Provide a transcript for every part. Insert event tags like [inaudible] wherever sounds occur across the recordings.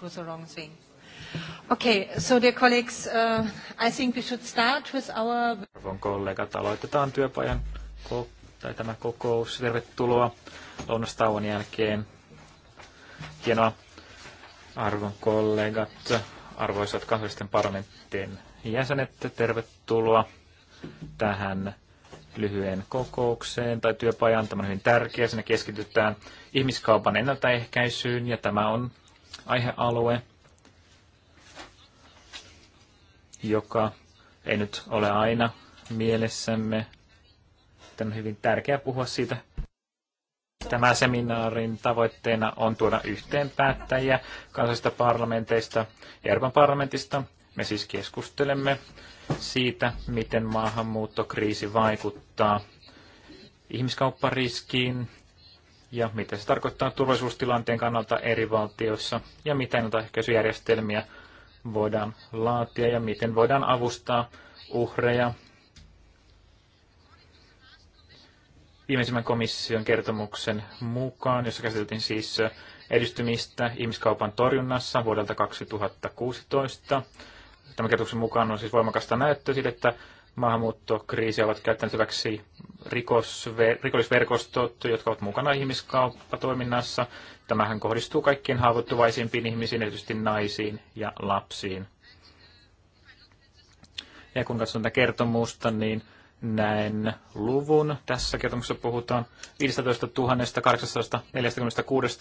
to the wrong thing. Okay, so dear colleagues, uh, I think we should start with our... Arvon kollegat, aloitetaan työpajan ko- tai tämä kokous. Tervetuloa lounastauon jälkeen. Hienoa. Arvon kollegat, arvoisat kansallisten parlamenttien jäsenet, tervetuloa tähän lyhyen kokoukseen tai työpajan. Tämä on hyvin tärkeä. Siinä keskitytään ihmiskaupan ennaltaehkäisyyn ja tämä on aihealue, joka ei nyt ole aina mielessämme. Tämä on hyvin tärkeää puhua siitä. Tämä seminaarin tavoitteena on tuoda yhteen päättäjiä kansallisista parlamenteista ja Euroopan parlamentista. Me siis keskustelemme siitä, miten maahanmuuttokriisi vaikuttaa ihmiskauppariskiin, ja mitä se tarkoittaa turvallisuustilanteen kannalta eri valtioissa ja mitä ehkäisyjärjestelmiä voidaan laatia ja miten voidaan avustaa uhreja. Viimeisimmän komission kertomuksen mukaan, jossa käsiteltiin siis edistymistä ihmiskaupan torjunnassa vuodelta 2016. Tämän kertomuksen mukaan on siis voimakasta näyttöä siitä, että maahanmuuttokriisiä ovat käyttäneet hyväksi rikosver- rikollisverkostot, jotka ovat mukana ihmiskauppatoiminnassa. Tämähän kohdistuu kaikkien haavoittuvaisimpiin ihmisiin, erityisesti naisiin ja lapsiin. Ja kun katson tätä kertomusta, niin näen luvun. Tässä kertomuksessa puhutaan 15 846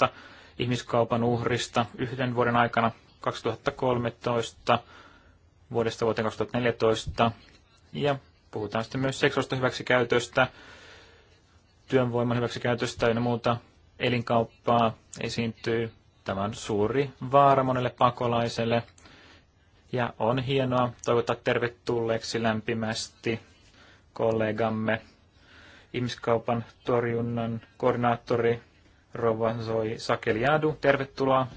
ihmiskaupan uhrista yhden vuoden aikana 2013 vuodesta vuoteen 2014 ja puhutaan sitten myös seksuaalista hyväksikäytöstä, työnvoiman hyväksikäytöstä ja muuta elinkauppaa esiintyy. Tämä on suuri vaara monelle pakolaiselle. Ja on hienoa toivottaa tervetulleeksi lämpimästi kollegamme, ihmiskaupan torjunnan koordinaattori Rova Zoi Sakeliadu. Tervetuloa.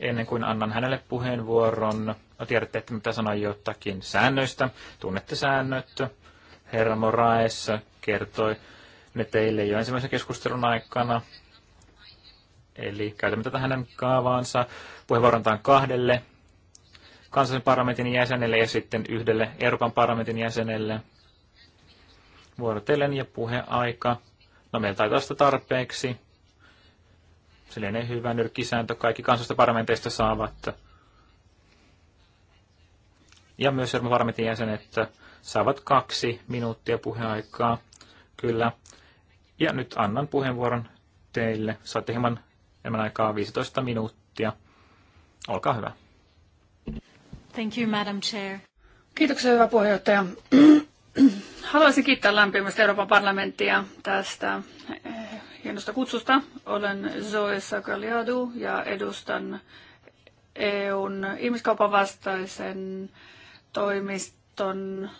Ennen kuin annan hänelle puheenvuoron, No tiedätte, että mitä sanoin jotakin säännöistä. Tunnette säännöt. Herra Moraes kertoi ne teille jo ensimmäisen keskustelun aikana. Eli käytämme tätä hänen kaavaansa puheenvuorontaan kahdelle kansallisen parlamentin jäsenelle ja sitten yhdelle Euroopan parlamentin jäsenelle vuorotellen ja puheaika. No meillä taitaa sitä tarpeeksi. Sellainen hyvä nyrkisääntö. Kaikki kansallisista parlamenteista saavat ja myös Euroopan Varmetin jäsenet saavat kaksi minuuttia puheaikaa. Kyllä. Ja nyt annan puheenvuoron teille. Saatte hieman enemmän aikaa, 15 minuuttia. Olkaa hyvä. Thank you, Madam Chair. Kiitoksia, hyvä puheenjohtaja. Haluaisin kiittää lämpimästi Euroopan parlamenttia tästä eh, hienosta kutsusta. Olen Zoe Sakaliadu ja edustan EUn ihmiskaupan vastaisen toimiston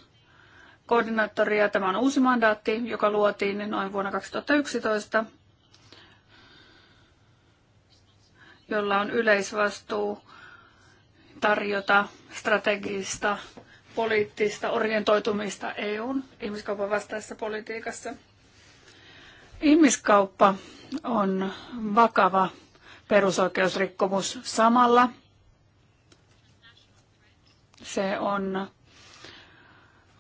koordinaattoria. Tämä on uusi mandaatti, joka luotiin noin vuonna 2011, jolla on yleisvastuu tarjota strategista poliittista orientoitumista EUn ihmiskaupan vastaisessa politiikassa. Ihmiskauppa on vakava perusoikeusrikkomus samalla – se on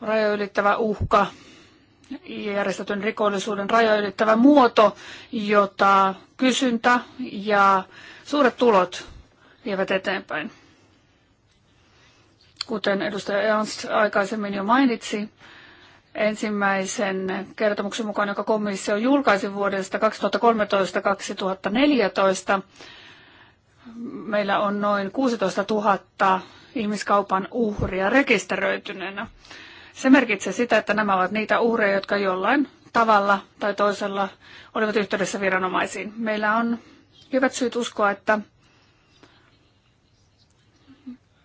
rajoja uhka, järjestetyn rikollisuuden rajoja muoto, jota kysyntä ja suuret tulot vievät eteenpäin. Kuten edustaja Ernst aikaisemmin jo mainitsi, ensimmäisen kertomuksen mukaan, joka komissio julkaisi vuodesta 2013-2014, meillä on noin 16 000 ihmiskaupan uhria rekisteröityneenä. Se merkitsee sitä, että nämä ovat niitä uhreja, jotka jollain tavalla tai toisella olivat yhteydessä viranomaisiin. Meillä on hyvät syyt uskoa, että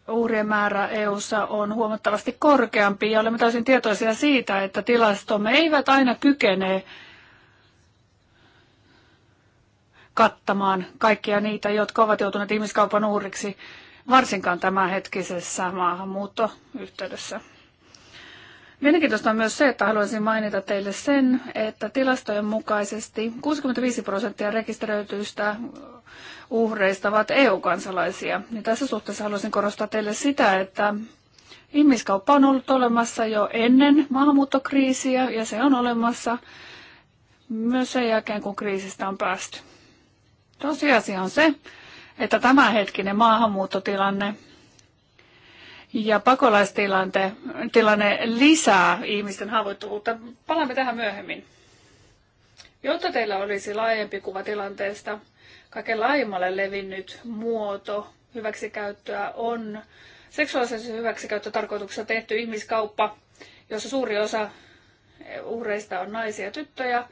uhrien määrä EU:ssa on huomattavasti korkeampi ja olemme täysin tietoisia siitä, että tilastomme eivät aina kykene kattamaan kaikkia niitä, jotka ovat joutuneet ihmiskaupan uhriksi varsinkaan tämänhetkisessä maahanmuuttoyhteydessä. Mielenkiintoista on myös se, että haluaisin mainita teille sen, että tilastojen mukaisesti 65 prosenttia rekisteröityistä uhreista ovat EU-kansalaisia. Niin tässä suhteessa haluaisin korostaa teille sitä, että ihmiskauppa on ollut olemassa jo ennen maahanmuuttokriisiä ja se on olemassa myös sen jälkeen, kun kriisistä on päästy. Tosiasia on se, että tämänhetkinen maahanmuuttotilanne ja pakolaistilanne tilanne lisää ihmisten haavoittuvuutta. Palaamme tähän myöhemmin. Jotta teillä olisi laajempi kuva tilanteesta, kaiken laajemmalle levinnyt muoto hyväksikäyttöä on seksuaalisen hyväksikäyttötarkoituksessa tehty ihmiskauppa, jossa suuri osa uhreista on naisia ja tyttöjä.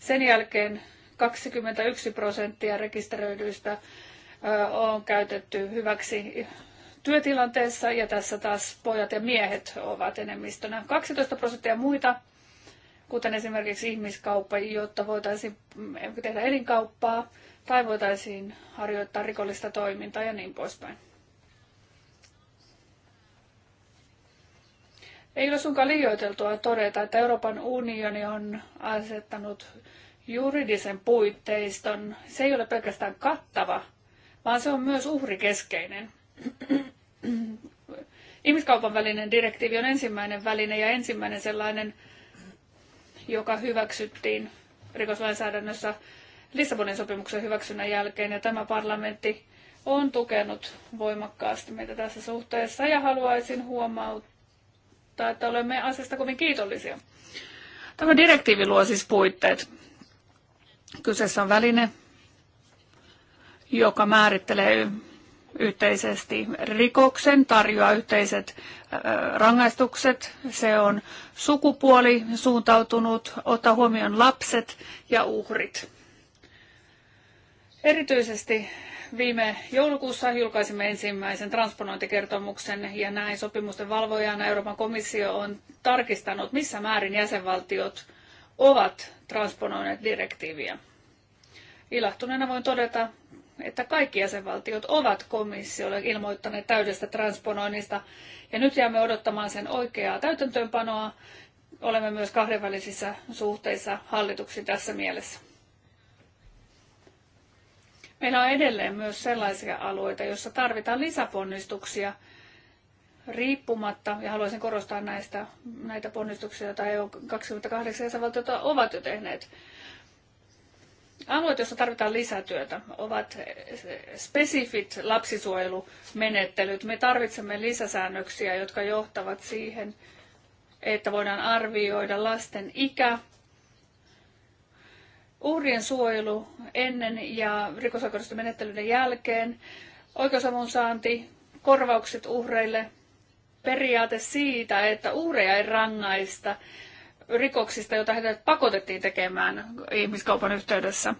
Sen jälkeen 21 prosenttia rekisteröidyistä on käytetty hyväksi työtilanteessa ja tässä taas pojat ja miehet ovat enemmistönä. 12 prosenttia muita, kuten esimerkiksi ihmiskauppa, jotta voitaisiin tehdä elinkauppaa tai voitaisiin harjoittaa rikollista toimintaa ja niin poispäin. Ei ole sunkaan liioiteltua todeta, että Euroopan unioni on asettanut juridisen puitteiston. Se ei ole pelkästään kattava vaan se on myös uhrikeskeinen. Ihmiskaupan välinen direktiivi on ensimmäinen väline ja ensimmäinen sellainen, joka hyväksyttiin rikoslainsäädännössä Lissabonin sopimuksen hyväksynnän jälkeen ja tämä parlamentti on tukenut voimakkaasti meitä tässä suhteessa ja haluaisin huomauttaa, että olemme asiasta kovin kiitollisia. Tämä direktiivi luo siis puitteet. Kyseessä on väline, joka määrittelee yhteisesti rikoksen, tarjoaa yhteiset rangaistukset. Se on sukupuoli suuntautunut, ottaa huomioon lapset ja uhrit. Erityisesti viime joulukuussa julkaisimme ensimmäisen transponointikertomuksen ja näin sopimusten valvojana Euroopan komissio on tarkistanut, missä määrin jäsenvaltiot ovat transponoineet direktiiviä. Ilahtuneena voin todeta, että kaikki jäsenvaltiot ovat komissiolle ilmoittaneet täydestä transponoinnista, ja nyt jäämme odottamaan sen oikeaa täytäntöönpanoa. Olemme myös kahdenvälisissä suhteissa hallituksi tässä mielessä. Meillä on edelleen myös sellaisia alueita, joissa tarvitaan lisäponnistuksia riippumatta, ja haluaisin korostaa näistä, näitä ponnistuksia, joita EU 28 jäsenvaltiota ovat jo tehneet Alueet, joissa tarvitaan lisätyötä, ovat spesifit lapsisuojelumenettelyt. Me tarvitsemme lisäsäännöksiä, jotka johtavat siihen, että voidaan arvioida lasten ikä, uhrien suojelu ennen ja rikosoikeudellisten menettelyiden jälkeen, oikeusavun saanti, korvaukset uhreille, periaate siitä, että uhreja ei rangaista rikoksista, joita heidät pakotettiin tekemään ihmiskaupan yhteydessä.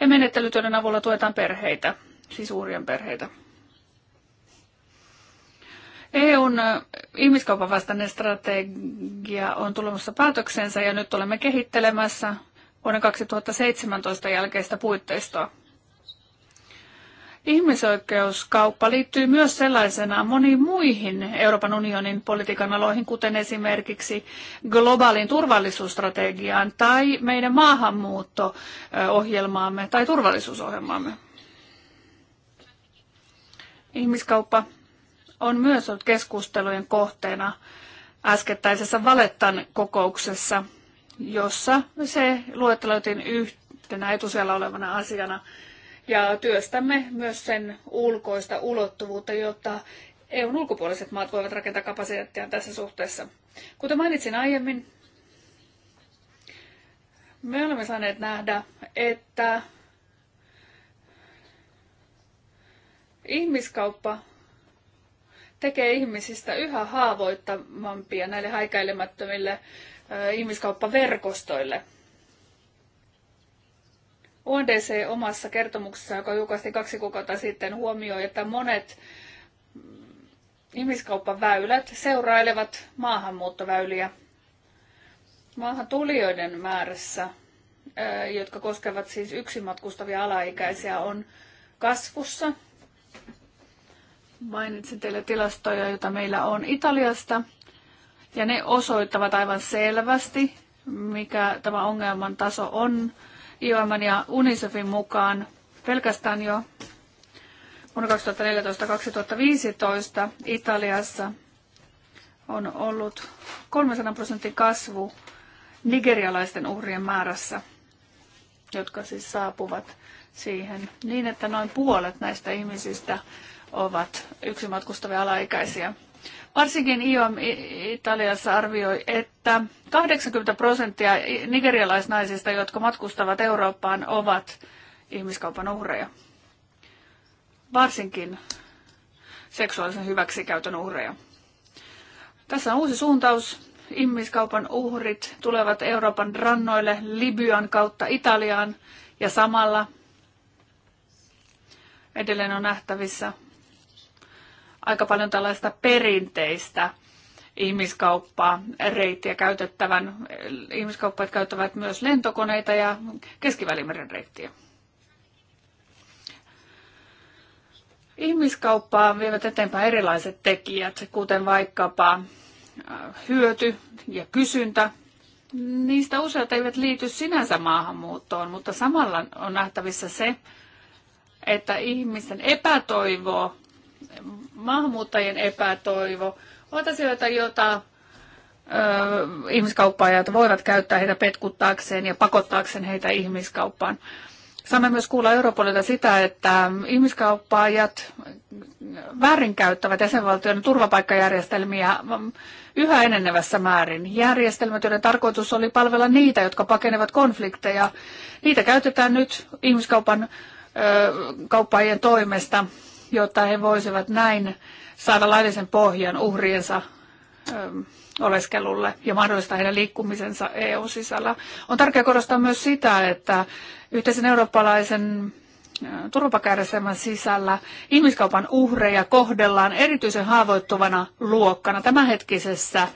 Ja menettelytyöiden avulla tuetaan perheitä, siis uhrien perheitä. EUn ihmiskaupan vastainen strategia on tulemassa päätöksensä ja nyt olemme kehittelemässä vuoden 2017 jälkeistä puitteistoa. Ihmisoikeuskauppa liittyy myös sellaisenaan moniin muihin Euroopan unionin politiikan aloihin, kuten esimerkiksi globaalin turvallisuusstrategiaan tai meidän maahanmuutto-ohjelmaamme tai turvallisuusohjelmaamme. Ihmiskauppa on myös ollut keskustelujen kohteena äskettäisessä Valettan kokouksessa, jossa se luetteloitiin yhtenä etusijalla olevana asiana – ja työstämme myös sen ulkoista ulottuvuutta, jotta EUn ulkopuoliset maat voivat rakentaa kapasiteettia tässä suhteessa. Kuten mainitsin aiemmin, me olemme saaneet nähdä, että ihmiskauppa tekee ihmisistä yhä haavoittavampia näille häikäilemättömille ihmiskauppaverkostoille – ONDC omassa kertomuksessa, joka julkaistiin kaksi kuukautta sitten, huomioi, että monet ihmiskauppaväylät seurailevat maahanmuuttoväyliä maahantulijoiden määrässä, jotka koskevat siis yksin matkustavia alaikäisiä, on kasvussa. Mainitsin teille tilastoja, joita meillä on Italiasta, ja ne osoittavat aivan selvästi, mikä tämä ongelman taso on. IOM ja UNICEFin mukaan pelkästään jo vuonna 2014-2015 Italiassa on ollut 300 prosentin kasvu nigerialaisten uhrien määrässä, jotka siis saapuvat siihen niin, että noin puolet näistä ihmisistä ovat yksin matkustavia alaikäisiä. Varsinkin IOM Italiassa arvioi, että 80 prosenttia nigerialaisnaisista, jotka matkustavat Eurooppaan, ovat ihmiskaupan uhreja. Varsinkin seksuaalisen hyväksikäytön uhreja. Tässä on uusi suuntaus. Ihmiskaupan uhrit tulevat Euroopan rannoille Libyan kautta Italiaan ja samalla edelleen on nähtävissä aika paljon tällaista perinteistä ihmiskauppaa, reittiä käytettävän. Ihmiskauppat käyttävät myös lentokoneita ja keskivälimeren reittiä. Ihmiskauppaa vievät eteenpäin erilaiset tekijät, kuten vaikkapa äh, hyöty ja kysyntä. Niistä useat eivät liity sinänsä maahanmuuttoon, mutta samalla on nähtävissä se, että ihmisten epätoivo maahanmuuttajien epätoivo ovat asioita, joita ö, ihmiskauppaajat voivat käyttää heitä petkuttaakseen ja pakottaakseen heitä ihmiskauppaan. Saamme myös kuulla Europolilta sitä, että ihmiskauppaajat väärinkäyttävät jäsenvaltioiden turvapaikkajärjestelmiä yhä enenevässä määrin. Järjestelmät, joiden tarkoitus oli palvella niitä, jotka pakenevat konflikteja, niitä käytetään nyt ihmiskaupan kauppaajien toimesta jotta he voisivat näin saada laillisen pohjan uhriensa ähm, oleskelulle ja mahdollistaa heidän liikkumisensa EUn sisällä. On tärkeää korostaa myös sitä, että yhteisen eurooppalaisen äh, turvapaikkajärjestelmän sisällä ihmiskaupan uhreja kohdellaan erityisen haavoittuvana luokkana tämänhetkisessä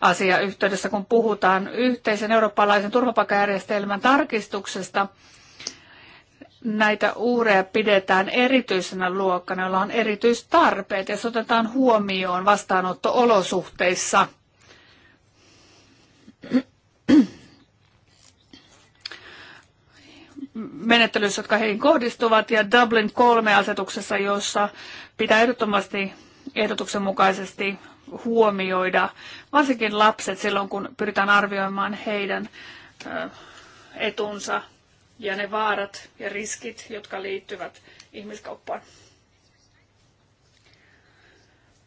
asiayhteydessä, kun puhutaan yhteisen eurooppalaisen turvapaikkajärjestelmän tarkistuksesta – näitä uureja pidetään erityisenä luokkana, jolla on erityistarpeet ja se otetaan huomioon vastaanotto-olosuhteissa. menettelyissä, jotka heihin kohdistuvat, ja Dublin 3-asetuksessa, jossa pitää ehdottomasti ehdotuksen mukaisesti huomioida varsinkin lapset silloin, kun pyritään arvioimaan heidän etunsa ja ne vaarat ja riskit, jotka liittyvät ihmiskauppaan.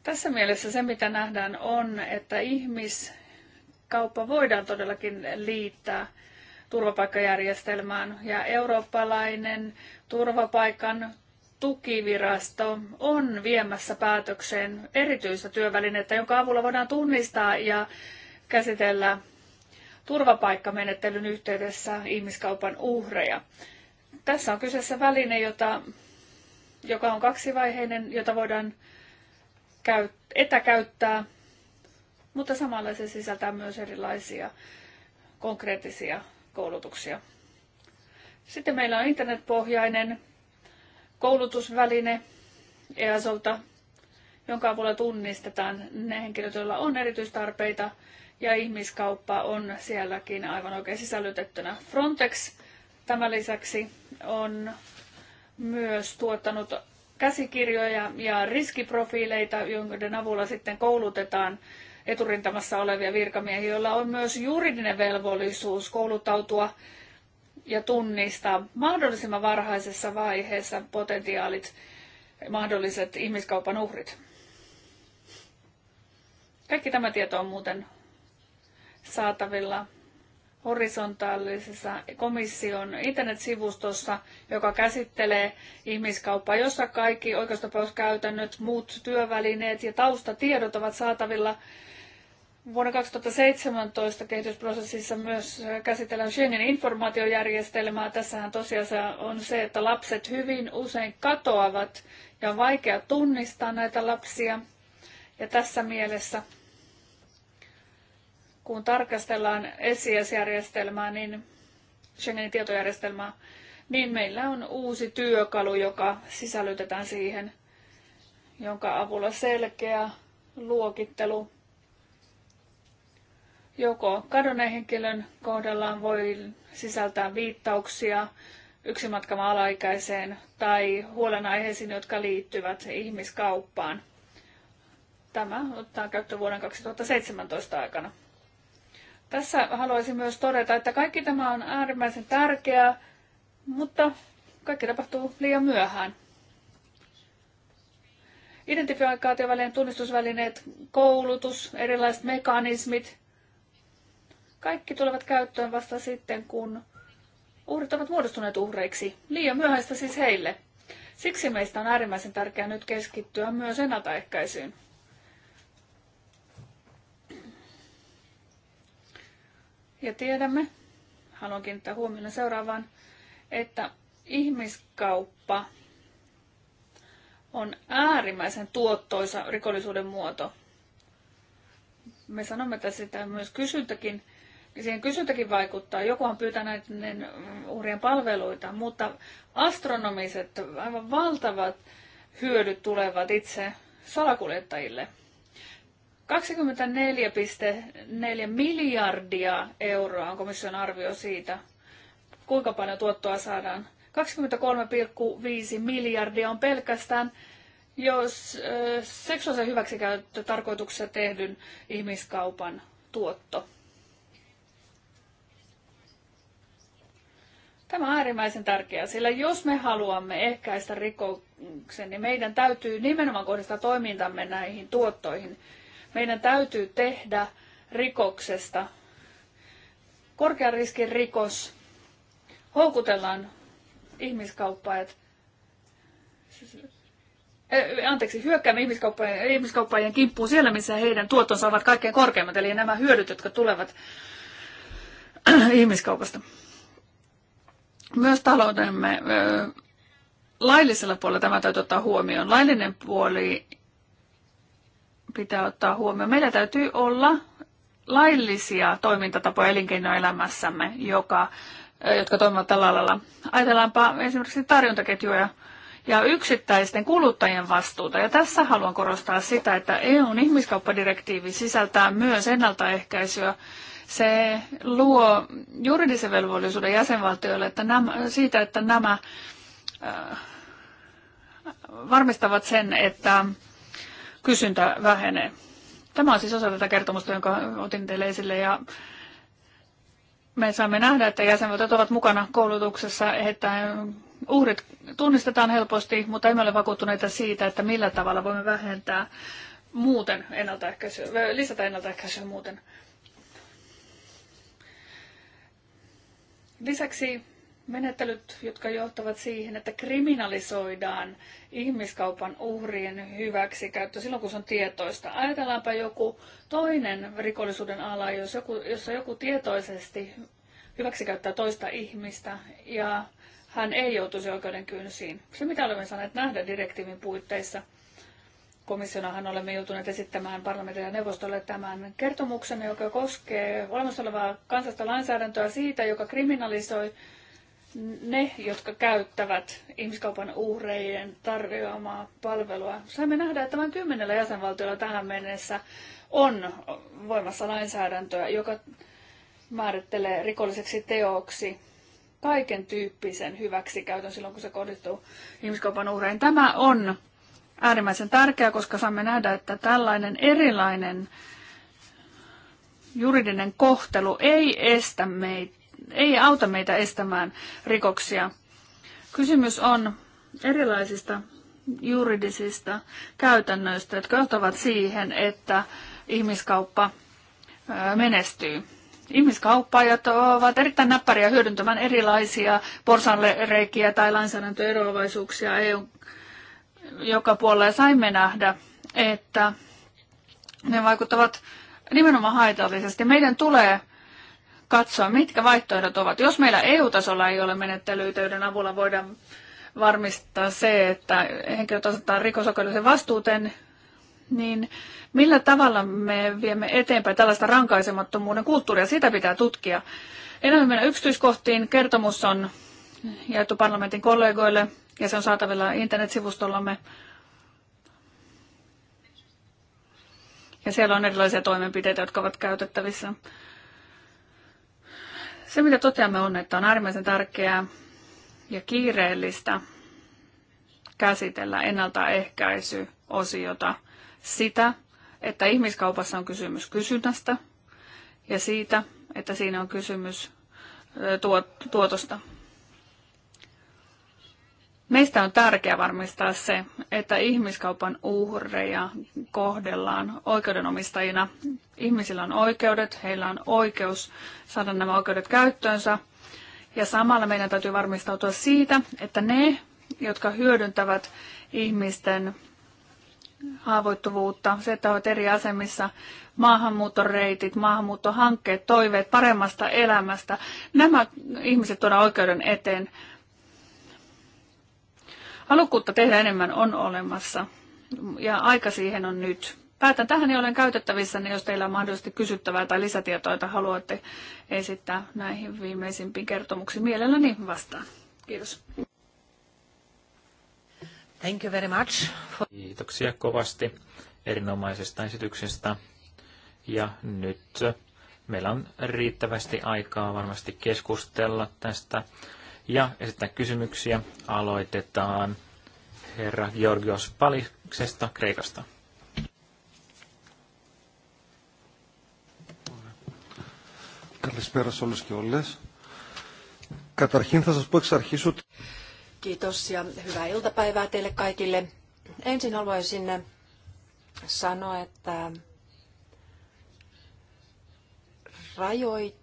Tässä mielessä se, mitä nähdään, on, että ihmiskauppa voidaan todellakin liittää turvapaikkajärjestelmään ja eurooppalainen turvapaikan tukivirasto on viemässä päätökseen erityistä työvälinettä, jonka avulla voidaan tunnistaa ja käsitellä turvapaikkamenettelyn yhteydessä ihmiskaupan uhreja. Tässä on kyseessä väline, jota, joka on kaksivaiheinen, jota voidaan käyt, etäkäyttää, mutta samalla se sisältää myös erilaisia konkreettisia koulutuksia. Sitten meillä on internetpohjainen koulutusväline EASolta, jonka avulla tunnistetaan ne henkilöt, joilla on erityistarpeita ja ihmiskauppa on sielläkin aivan oikein sisällytettynä. Frontex tämän lisäksi on myös tuottanut käsikirjoja ja riskiprofiileita, joiden avulla sitten koulutetaan eturintamassa olevia virkamiehiä, joilla on myös juridinen velvollisuus kouluttautua ja tunnistaa mahdollisimman varhaisessa vaiheessa potentiaalit mahdolliset ihmiskaupan uhrit. Kaikki tämä tieto on muuten saatavilla horisontaalisessa komission internetsivustossa, joka käsittelee ihmiskauppaa, jossa kaikki oikeustapauskäytännöt, muut työvälineet ja taustatiedot ovat saatavilla. Vuonna 2017 kehitysprosessissa myös käsitellään Schengenin informaatiojärjestelmää. Tässähän tosiasia on se, että lapset hyvin usein katoavat ja on vaikea tunnistaa näitä lapsia. Ja tässä mielessä kun tarkastellaan SIS-järjestelmää, niin Schengenin tietojärjestelmää, niin meillä on uusi työkalu, joka sisällytetään siihen, jonka avulla selkeä luokittelu joko kadonneen henkilön kohdallaan voi sisältää viittauksia yksimatkama alaikäiseen tai huolenaiheisiin, jotka liittyvät ihmiskauppaan. Tämä ottaa käyttöön vuoden 2017 aikana. Tässä haluaisin myös todeta, että kaikki tämä on äärimmäisen tärkeää, mutta kaikki tapahtuu liian myöhään. Identifikaatiovälineen tunnistusvälineet, koulutus, erilaiset mekanismit, kaikki tulevat käyttöön vasta sitten, kun uhrit ovat muodostuneet uhreiksi. Liian myöhäistä siis heille. Siksi meistä on äärimmäisen tärkeää nyt keskittyä myös ennaltaehkäisyyn. Ja tiedämme, haluan kiinnittää huomioon seuraavaan, että ihmiskauppa on äärimmäisen tuottoisa rikollisuuden muoto. Me sanomme, että sitä myös kysyntäkin, siihen kysyntäkin vaikuttaa. Joku on pyytänyt näiden uhrien palveluita, mutta astronomiset, aivan valtavat hyödyt tulevat itse salakuljettajille – 24,4 miljardia euroa on komission arvio siitä, kuinka paljon tuottoa saadaan. 23,5 miljardia on pelkästään, jos seksuaalisen hyväksikäyttötarkoituksessa tehdyn ihmiskaupan tuotto. Tämä on äärimmäisen tärkeää, sillä jos me haluamme ehkäistä rikoksen, niin meidän täytyy nimenomaan kohdistaa toimintamme näihin tuottoihin meidän täytyy tehdä rikoksesta korkean riskin rikos. Houkutellaan ihmiskauppaajat anteeksi, hyökkäämme ihmiskauppaajien, ihmiskauppaajien kimppuun siellä, missä heidän tuotonsa ovat kaikkein korkeimmat, eli nämä hyödyt, jotka tulevat [clears throat] ihmiskaupasta. Myös taloudemme laillisella puolella tämä täytyy ottaa huomioon. Laillinen puoli pitää ottaa huomioon. Meillä täytyy olla laillisia toimintatapoja elinkeinoelämässämme, joka, jotka toimivat tällä alalla. Ajatellaanpa esimerkiksi tarjontaketjuja ja yksittäisten kuluttajien vastuuta. Ja tässä haluan korostaa sitä, että EUn ihmiskauppadirektiivi sisältää myös ennaltaehkäisyä. Se luo juridisen velvollisuuden jäsenvaltioille että nämä, siitä, että nämä äh, varmistavat sen, että kysyntä vähenee. Tämä on siis osa tätä kertomusta, jonka otin teille esille ja me saamme nähdä, että jäsenvaltiot ovat mukana koulutuksessa, että uhrit tunnistetaan helposti, mutta emme ole vakuuttuneita siitä, että millä tavalla voimme vähentää muuten ennaltaehkäisyä, lisätä ennaltaehkäisyä muuten. Lisäksi menettelyt, jotka johtavat siihen, että kriminalisoidaan ihmiskaupan uhrien hyväksikäyttö silloin, kun se on tietoista. Ajatellaanpa joku toinen rikollisuuden ala, jos joku, jossa joku tietoisesti hyväksikäyttää toista ihmistä ja hän ei joutuisi oikeuden kynsiin. Se, mitä olemme saaneet nähdä direktiivin puitteissa, komissionahan olemme joutuneet esittämään parlamentille ja neuvostolle tämän kertomuksen, joka koskee olemassa olevaa kansallista lainsäädäntöä siitä, joka kriminalisoi ne, jotka käyttävät ihmiskaupan uhreiden tarjoamaa palvelua. Saimme nähdä, että tämän kymmenellä jäsenvaltiolla tähän mennessä on voimassa lainsäädäntöä, joka määrittelee rikolliseksi teoksi kaiken tyyppisen hyväksikäytön silloin, kun se kohdistuu ihmiskaupan uhreihin. Tämä on äärimmäisen tärkeää, koska saamme nähdä, että tällainen erilainen juridinen kohtelu ei estä meitä ei auta meitä estämään rikoksia. Kysymys on erilaisista juridisista käytännöistä, jotka johtavat siihen, että ihmiskauppa menestyy. Ihmiskauppaajat ovat erittäin näppäriä hyödyntämään erilaisia porsanreikiä tai lainsäädäntöeroavaisuuksia EU joka puolella. saimme nähdä, että ne vaikuttavat nimenomaan haitallisesti. Meidän tulee katsoa, mitkä vaihtoehdot ovat. Jos meillä EU-tasolla ei ole menettelyitä, joiden avulla voidaan varmistaa se, että henkilöt osataan rikosoikeudellisen vastuuteen, niin millä tavalla me viemme eteenpäin tällaista rankaisemattomuuden kulttuuria? Sitä pitää tutkia. Enemmän mennä yksityiskohtiin. Kertomus on jaettu parlamentin kollegoille ja se on saatavilla internetsivustollamme. Ja siellä on erilaisia toimenpiteitä, jotka ovat käytettävissä. Se, mitä toteamme, on, että on äärimmäisen tärkeää ja kiireellistä käsitellä ennaltaehkäisyosiota sitä, että ihmiskaupassa on kysymys kysynnästä ja siitä, että siinä on kysymys tuotosta. Meistä on tärkeää varmistaa se, että ihmiskaupan uhreja kohdellaan oikeudenomistajina. Ihmisillä on oikeudet, heillä on oikeus saada nämä oikeudet käyttöönsä. Ja samalla meidän täytyy varmistautua siitä, että ne, jotka hyödyntävät ihmisten haavoittuvuutta, se, että ovat eri asemissa, maahanmuuttoreitit, maahanmuuttohankkeet, toiveet paremmasta elämästä, nämä ihmiset tuodaan oikeuden eteen Halukkuutta tehdä enemmän on olemassa ja aika siihen on nyt. Päätän tähän ja olen käytettävissä, niin jos teillä on mahdollisesti kysyttävää tai lisätietoa, jota haluatte esittää näihin viimeisimpiin kertomuksiin, mielelläni vastaan. Kiitos. Thank you very much. For... Kiitoksia kovasti erinomaisesta esityksestä. Ja nyt meillä on riittävästi aikaa varmasti keskustella tästä ja esittää kysymyksiä. Aloitetaan herra Georgios Paliksesta Kreikasta. Καλησπέρα σε όλους και όλες. Καταρχήν θα σας πω εξ αρχής ότι... Kiitos ja hyvää iltapäivää teille kaikille. Ensin haluaisin sanoa, että rajoit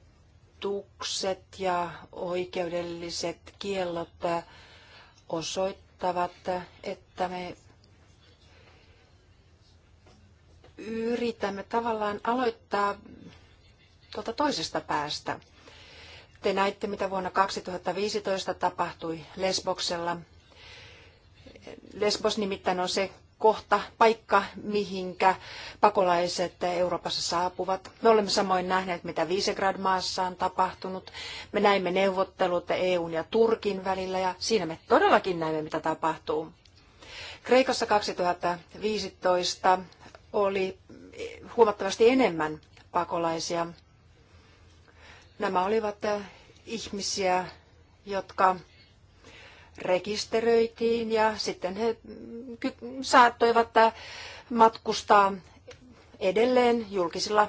rajoitukset ja oikeudelliset kiellot osoittavat, että me yritämme tavallaan aloittaa tuolta toisesta päästä. Te näitte, mitä vuonna 2015 tapahtui Lesboksella. Lesbos nimittäin on se kohta, paikka, mihinkä pakolaiset Euroopassa saapuvat. Me olemme samoin nähneet, mitä Visegrad-maassa on tapahtunut. Me näimme neuvottelut EUn ja Turkin välillä ja siinä me todellakin näimme, mitä tapahtuu. Kreikassa 2015 oli huomattavasti enemmän pakolaisia. Nämä olivat ihmisiä, jotka rekisteröitiin ja sitten he saattoivat matkustaa edelleen julkisilla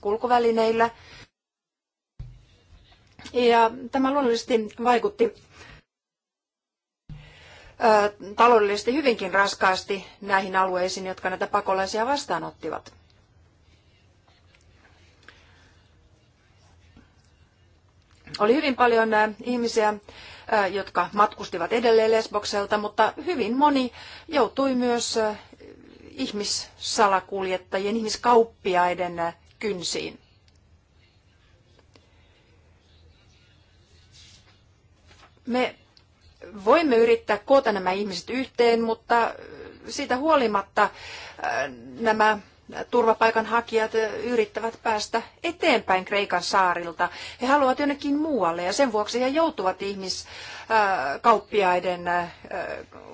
kulkuvälineillä. Ja tämä luonnollisesti vaikutti taloudellisesti hyvinkin raskaasti näihin alueisiin, jotka näitä pakolaisia vastaanottivat. Oli hyvin paljon äh, ihmisiä, äh, jotka matkustivat edelleen Lesbokselta, mutta hyvin moni joutui myös äh, ihmissalakuljettajien, ihmiskauppiaiden kynsiin. Me voimme yrittää koota nämä ihmiset yhteen, mutta siitä huolimatta nämä turvapaikanhakijat yrittävät päästä eteenpäin Kreikan saarilta. He haluavat jonnekin muualle ja sen vuoksi he joutuvat ihmiskauppiaiden äh, äh,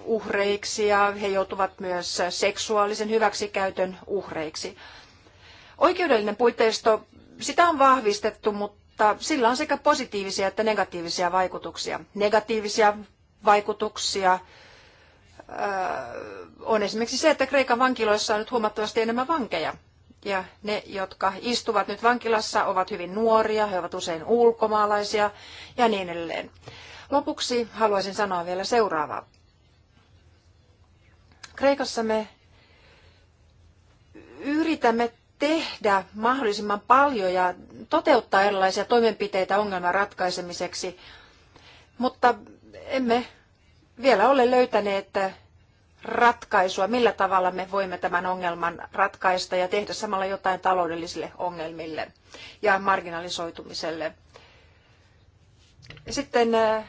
uhreiksi ja he joutuvat myös seksuaalisen hyväksikäytön uhreiksi. Oikeudellinen puitteisto, sitä on vahvistettu, mutta sillä on sekä positiivisia että negatiivisia vaikutuksia. Negatiivisia vaikutuksia on esimerkiksi se, että Kreikan vankiloissa on nyt huomattavasti enemmän vankeja. Ja ne, jotka istuvat nyt vankilassa, ovat hyvin nuoria, he ovat usein ulkomaalaisia ja niin edelleen. Lopuksi haluaisin sanoa vielä seuraavaa. Kreikassa me yritämme tehdä mahdollisimman paljon ja toteuttaa erilaisia toimenpiteitä ongelman ratkaisemiseksi, mutta emme vielä ole löytäneet ratkaisua, millä tavalla me voimme tämän ongelman ratkaista ja tehdä samalla jotain taloudellisille ongelmille ja marginalisoitumiselle. Sitten äh, äh,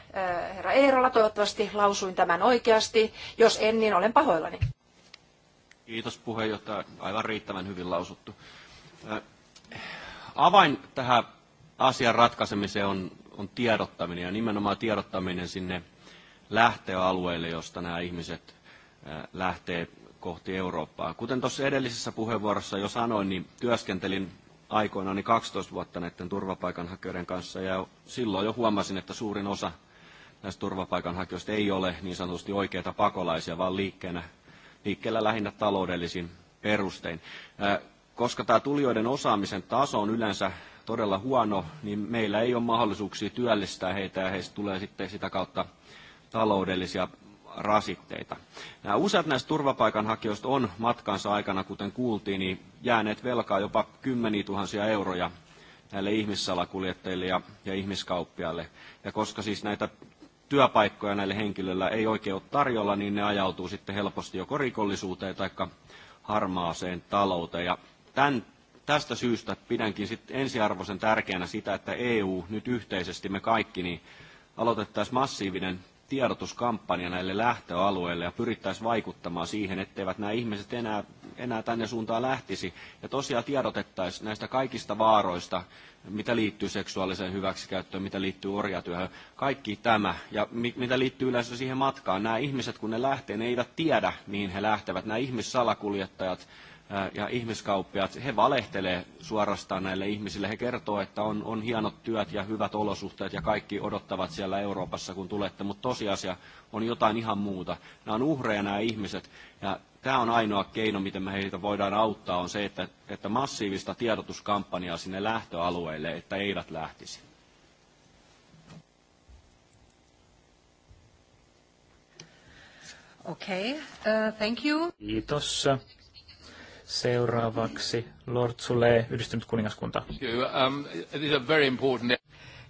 herra Eerola, toivottavasti lausuin tämän oikeasti. Jos en, niin olen pahoillani. Kiitos puheenjohtaja. Aivan riittävän hyvin lausuttu. Äh, avain tähän asian ratkaisemiseen on, on tiedottaminen ja nimenomaan tiedottaminen sinne lähteä josta nämä ihmiset lähtee kohti Eurooppaa. Kuten tuossa edellisessä puheenvuorossa jo sanoin, niin työskentelin aikoinaan niin 12 vuotta näiden turvapaikanhakijoiden kanssa ja silloin jo huomasin, että suurin osa näistä turvapaikanhakijoista ei ole niin sanotusti oikeita pakolaisia, vaan liikkeenä, liikkeellä lähinnä taloudellisin perustein. Koska tämä tulijoiden osaamisen taso on yleensä todella huono, niin meillä ei ole mahdollisuuksia työllistää heitä ja heistä tulee sitten sitä kautta taloudellisia rasitteita. Nämä useat näistä turvapaikanhakijoista on matkansa aikana, kuten kuultiin, niin jääneet velkaa jopa kymmeniä tuhansia euroja näille ihmissalakuljettajille ja, ja ihmiskauppiaille. Ja koska siis näitä työpaikkoja näille henkilöillä ei oikein ole tarjolla, niin ne ajautuu sitten helposti joko rikollisuuteen tai harmaaseen talouteen. Ja tämän, tästä syystä pidänkin sit ensiarvoisen tärkeänä sitä, että EU nyt yhteisesti me kaikki niin aloitettaisiin massiivinen tiedotuskampanja näille lähtöalueille ja pyrittäisiin vaikuttamaan siihen, etteivät nämä ihmiset enää, enää tänne suuntaan lähtisi. Ja tosiaan tiedotettaisiin näistä kaikista vaaroista, mitä liittyy seksuaaliseen hyväksikäyttöön, mitä liittyy orjatyöhön, kaikki tämä ja mi- mitä liittyy yleensä siihen matkaan. Nämä ihmiset, kun ne lähtee, ne eivät tiedä, mihin he lähtevät. Nämä ihmissalakuljettajat, ja ihmiskauppiaat, he valehtelee suorastaan näille ihmisille. He kertoo, että on, on hienot työt ja hyvät olosuhteet ja kaikki odottavat siellä Euroopassa, kun tulette, mutta tosiasia on jotain ihan muuta. Nämä on uhreja nämä ihmiset ja tämä on ainoa keino, miten me heitä voidaan auttaa, on se, että, että massiivista tiedotuskampanjaa sinne lähtöalueille, että eivät lähtisi. Okei, okay. uh, thank you. Kiitos. Seuraavaksi Lord Sule, yhdistynyt kuningaskunta.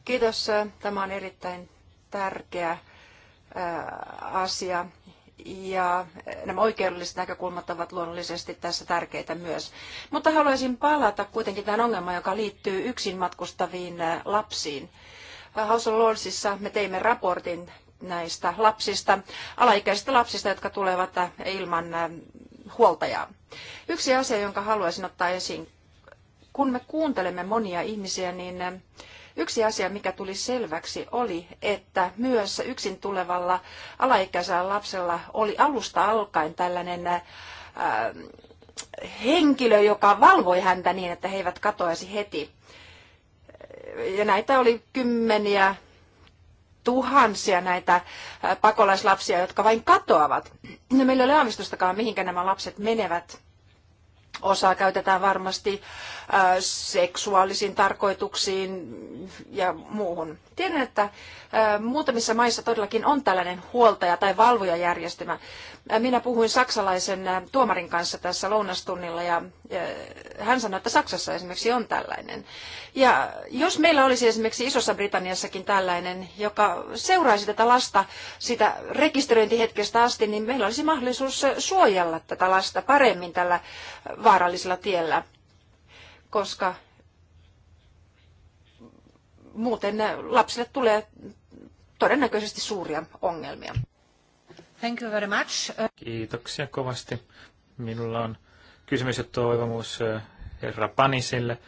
Kiitos. Tämä on erittäin tärkeä asia. Ja nämä oikeudelliset näkökulmat ovat luonnollisesti tässä tärkeitä myös. Mutta haluaisin palata kuitenkin tähän ongelmaan, joka liittyy yksin matkustaviin lapsiin. House of Lordsissa me teimme raportin näistä lapsista, alaikäisistä lapsista, jotka tulevat ilman huoltajaa. Yksi asia, jonka haluaisin ottaa esiin, kun me kuuntelemme monia ihmisiä, niin eh, yksi asia, mikä tuli selväksi, oli, että myös yksin tulevalla alaikäisellä lapsella oli alusta alkaen tällainen äh, henkilö, joka valvoi häntä niin, että he eivät katoaisi heti. Ja näitä oli kymmeniä tuhansia näitä äh, pakolaislapsia, jotka vain katoavat. meillä ei ole aavistustakaan, mihinkä nämä lapset menevät. Osaa käytetään varmasti äh, seksuaalisiin tarkoituksiin ja muuhun. Tiedän, että äh, muutamissa maissa todellakin on tällainen huoltaja- tai valvojajärjestelmä. Äh, minä puhuin saksalaisen tuomarin kanssa tässä lounastunnilla ja hän sanoi, että Saksassa esimerkiksi on tällainen. Ja jos meillä olisi esimerkiksi Isossa Britanniassakin tällainen, joka seuraisi tätä lasta sitä rekisteröintihetkestä asti, niin meillä olisi mahdollisuus suojella tätä lasta paremmin tällä vaarallisella tiellä, koska muuten lapsille tulee todennäköisesti suuria ongelmia. Thank you very much. Kiitoksia kovasti. Minulla on kysymys ja toivomus herra Panisille.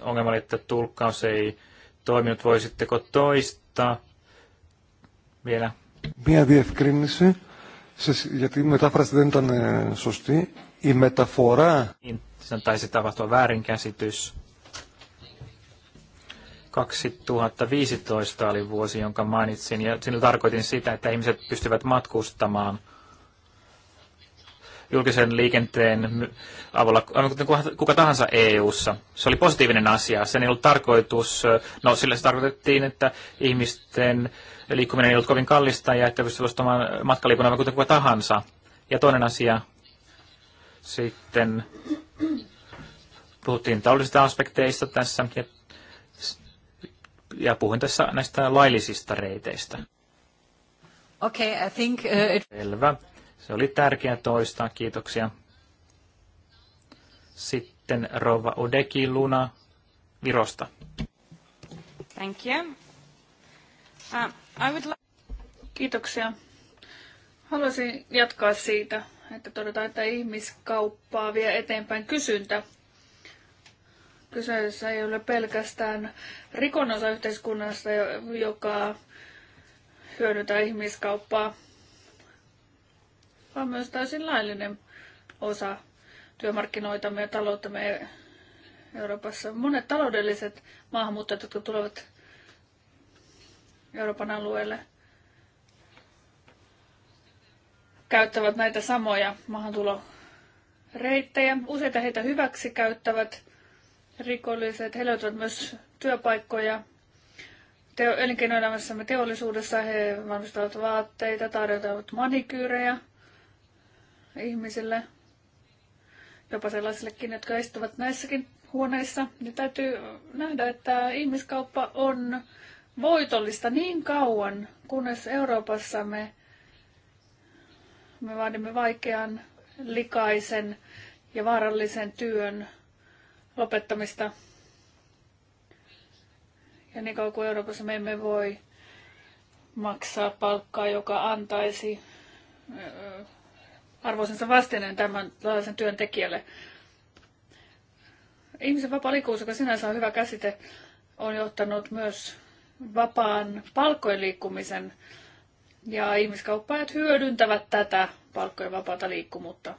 Ongelma oli, että tulkkaus ei toiminut. Voisitteko toistaa vielä? Μία διευκρίνηση, γιατί η μετάφραση δεν ήταν σωστή η μεταφορά. Niin, Sen taisi tapahtua väärinkäsitys. 2015 oli vuosi, jonka mainitsin, ja sillä tarkoitin sitä, että ihmiset pystyvät matkustamaan julkisen liikenteen avulla, kuka tahansa EU-ssa. Se oli positiivinen asia. Sen ei ollut tarkoitus, no sillä se tarkoitettiin, että ihmisten liikkuminen ei ollut kovin kallista ja että pystyy ostamaan matkaliikunnan kuten kuka tahansa. Ja toinen asia, sitten puhuttiin taloudellisista aspekteista tässä ja, ja puhuin tässä näistä laillisista reiteistä. Okay, I think, uh, it... Selvä. Se oli tärkeä toistaa. Kiitoksia. Sitten Rova Odeki Luna Virosta. Thank you. Uh, I would like... Kiitoksia. Haluaisin jatkaa siitä, että todetaan, että ihmiskauppaa vie eteenpäin kysyntä. Kyseessä ei ole pelkästään rikonosa yhteiskunnassa, joka hyödyntää ihmiskauppaa, vaan myös täysin laillinen osa työmarkkinoitamme ja talouttamme Euroopassa. Monet taloudelliset maahanmuuttajat, jotka tulevat Euroopan alueelle – käyttävät näitä samoja maahantuloreittejä. Useita heitä hyväksi käyttävät rikolliset. He löytävät myös työpaikkoja teo, elinkeinoelämässämme teollisuudessa. He valmistavat vaatteita, tarjoavat manikyyrejä ihmisille, jopa sellaisillekin, jotka istuvat näissäkin huoneissa. Niin täytyy nähdä, että ihmiskauppa on voitollista niin kauan, kunnes Euroopassamme me vaadimme vaikean, likaisen ja vaarallisen työn lopettamista. Ja niin kauan kuin Euroopassa me emme voi maksaa palkkaa, joka antaisi äh, arvoisensa vastineen tämän tällaisen työntekijälle. Ihmisen vapaa liikkuvuus, joka sinänsä on hyvä käsite, on johtanut myös vapaan palkkojen liikkumisen ja ihmiskauppajat hyödyntävät tätä palkkojen vapaata liikkumutta.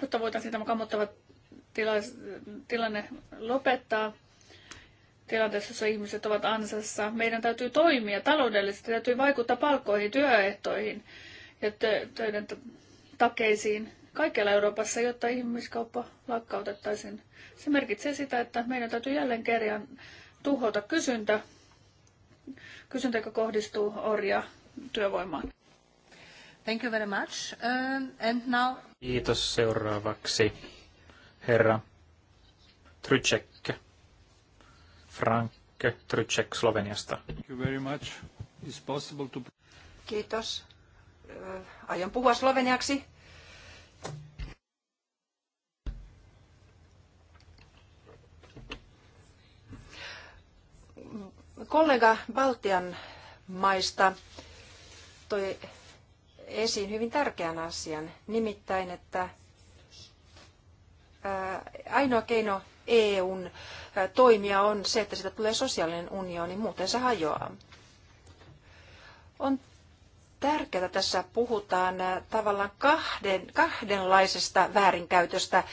mutta voitaisiin tämä kammottava tilanne lopettaa, tilanteessa, jossa ihmiset ovat ansassa. Meidän täytyy toimia taloudellisesti, täytyy vaikuttaa palkkoihin, työehtoihin ja töiden takeisiin kaikkialla Euroopassa, jotta ihmiskauppa lakkautettaisiin. Se merkitsee sitä, että meidän täytyy jälleen kerran tuhota kysyntä kysyntä, joka kohdistuu orja työvoimaan. Thank you very much. Uh, and now... Kiitos seuraavaksi, herra Trycek, Frank Trycek Sloveniasta. Thank you very much. It's possible to... Kiitos. Aion puhua sloveniaksi. Kollega Baltian maista toi esiin hyvin tärkeän asian, nimittäin, että ainoa keino EUn toimia on se, että sitä tulee sosiaalinen unioni, muuten se hajoaa. On tärkeää tässä puhutaan tavallaan kahden, kahdenlaisesta väärinkäytöstä.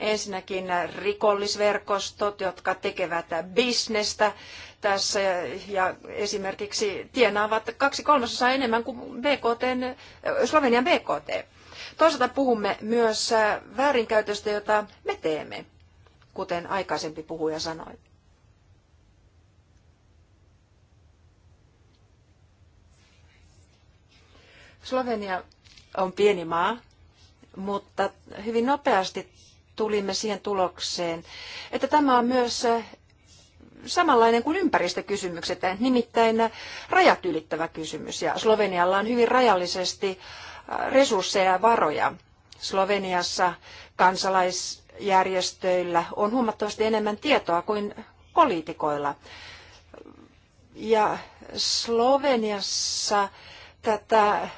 Ensinnäkin rikollisverkostot, jotka tekevät bisnestä tässä ja esimerkiksi tienaavat kaksi kolmasosaa enemmän kuin BKT, Slovenian BKT. Toisaalta puhumme myös väärinkäytöstä, jota me teemme, kuten aikaisempi puhuja sanoi. Slovenia on pieni maa, mutta hyvin nopeasti tulimme siihen tulokseen, että tämä on myös samanlainen kuin ympäristökysymykset, nimittäin rajat ylittävä kysymys. Ja Slovenialla on hyvin rajallisesti äh, resursseja ja varoja. Sloveniassa kansalaisjärjestöillä on huomattavasti enemmän tietoa kuin poliitikoilla. Ja Sloveniassa tätä äh,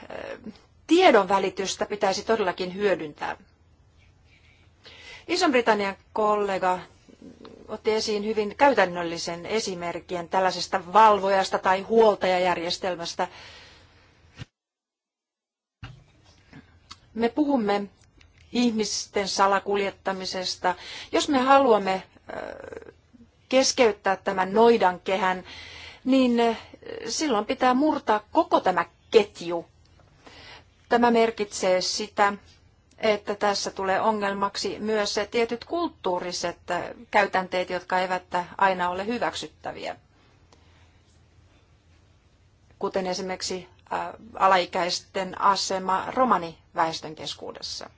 tiedonvälitystä pitäisi todellakin hyödyntää. Ison-Britannian kollega otti esiin hyvin käytännöllisen esimerkin tällaisesta valvojasta tai huoltajajärjestelmästä. Me puhumme ihmisten salakuljettamisesta. Jos me haluamme keskeyttää tämän noidankehän, niin silloin pitää murtaa koko tämä ketju. Tämä merkitsee sitä, että tässä tulee ongelmaksi myös tietyt kulttuuriset käytänteet, jotka eivät aina ole hyväksyttäviä. Kuten esimerkiksi alaikäisten asema romaniväestön keskuudessa.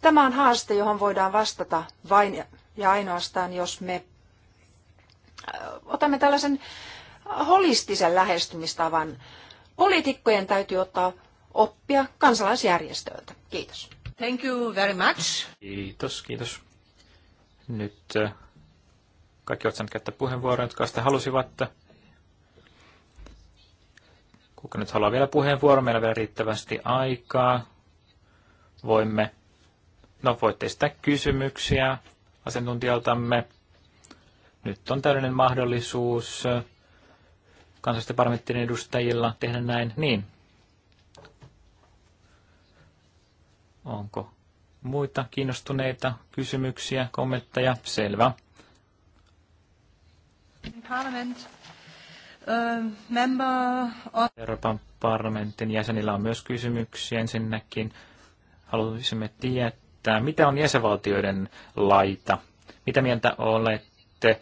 Tämä on haaste, johon voidaan vastata vain ja ainoastaan, jos me otamme tällaisen holistisen lähestymistavan. Poliitikkojen täytyy ottaa oppia kansalaisjärjestöiltä. Kiitos. Thank you very much. Kiitos, kiitos. Nyt äh, kaikki ovat saaneet käyttää puheenvuoroja, jotka sitä halusivat. Kuka nyt haluaa vielä puheenvuoron, meillä on vielä riittävästi aikaa. Voimme, no voitte sitä kysymyksiä asiantuntijaltamme. Nyt on täydellinen mahdollisuus äh, kansallisten parlamenttien edustajilla tehdä näin. Niin, Onko muita kiinnostuneita kysymyksiä, kommentteja? Selvä. Euroopan parlamentin jäsenillä on myös kysymyksiä ensinnäkin. Haluaisimme tietää, mitä on jäsenvaltioiden laita? Mitä mieltä olette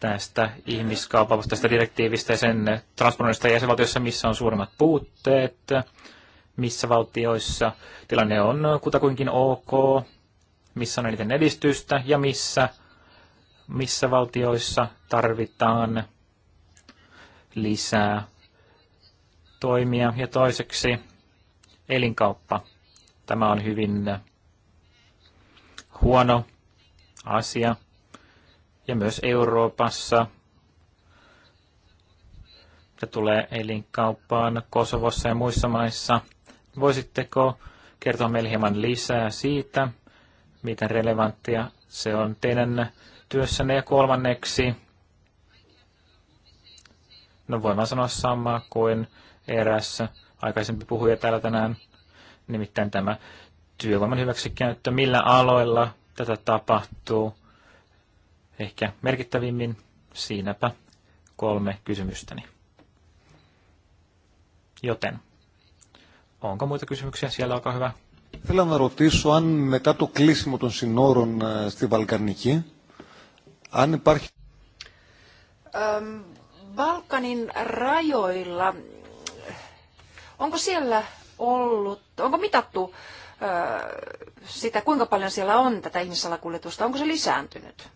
tästä ihmiskaupasta, tästä direktiivistä ja sen transponoinnista jäsenvaltiossa, missä on suurimmat puutteet? missä valtioissa tilanne on kutakuinkin ok, missä on eniten edistystä ja missä, missä valtioissa tarvitaan lisää toimia. Ja toiseksi elinkauppa. Tämä on hyvin huono asia. Ja myös Euroopassa mitä tulee elinkauppaan Kosovossa ja muissa maissa – Voisitteko kertoa meille hieman lisää siitä, miten relevanttia se on teidän työssänne ja kolmanneksi? No voin vaan sanoa samaa kuin eräs aikaisempi puhuja täällä tänään, nimittäin tämä työvoiman hyväksikäyttö, millä aloilla tätä tapahtuu ehkä merkittävimmin. Siinäpä kolme kysymystäni. Joten Onko muita kysymyksiä? Siellä olkaa hyvä. Θέλω να ρωτήσω αν μετά το κλείσιμο των συνόρων στη Βαλκανική, αν υπάρχει... Balkanin rajoilla, onko siellä ollut, onko mitattu sitä, kuinka paljon siellä on tätä ihmissalakuljetusta, onko se lisääntynyt?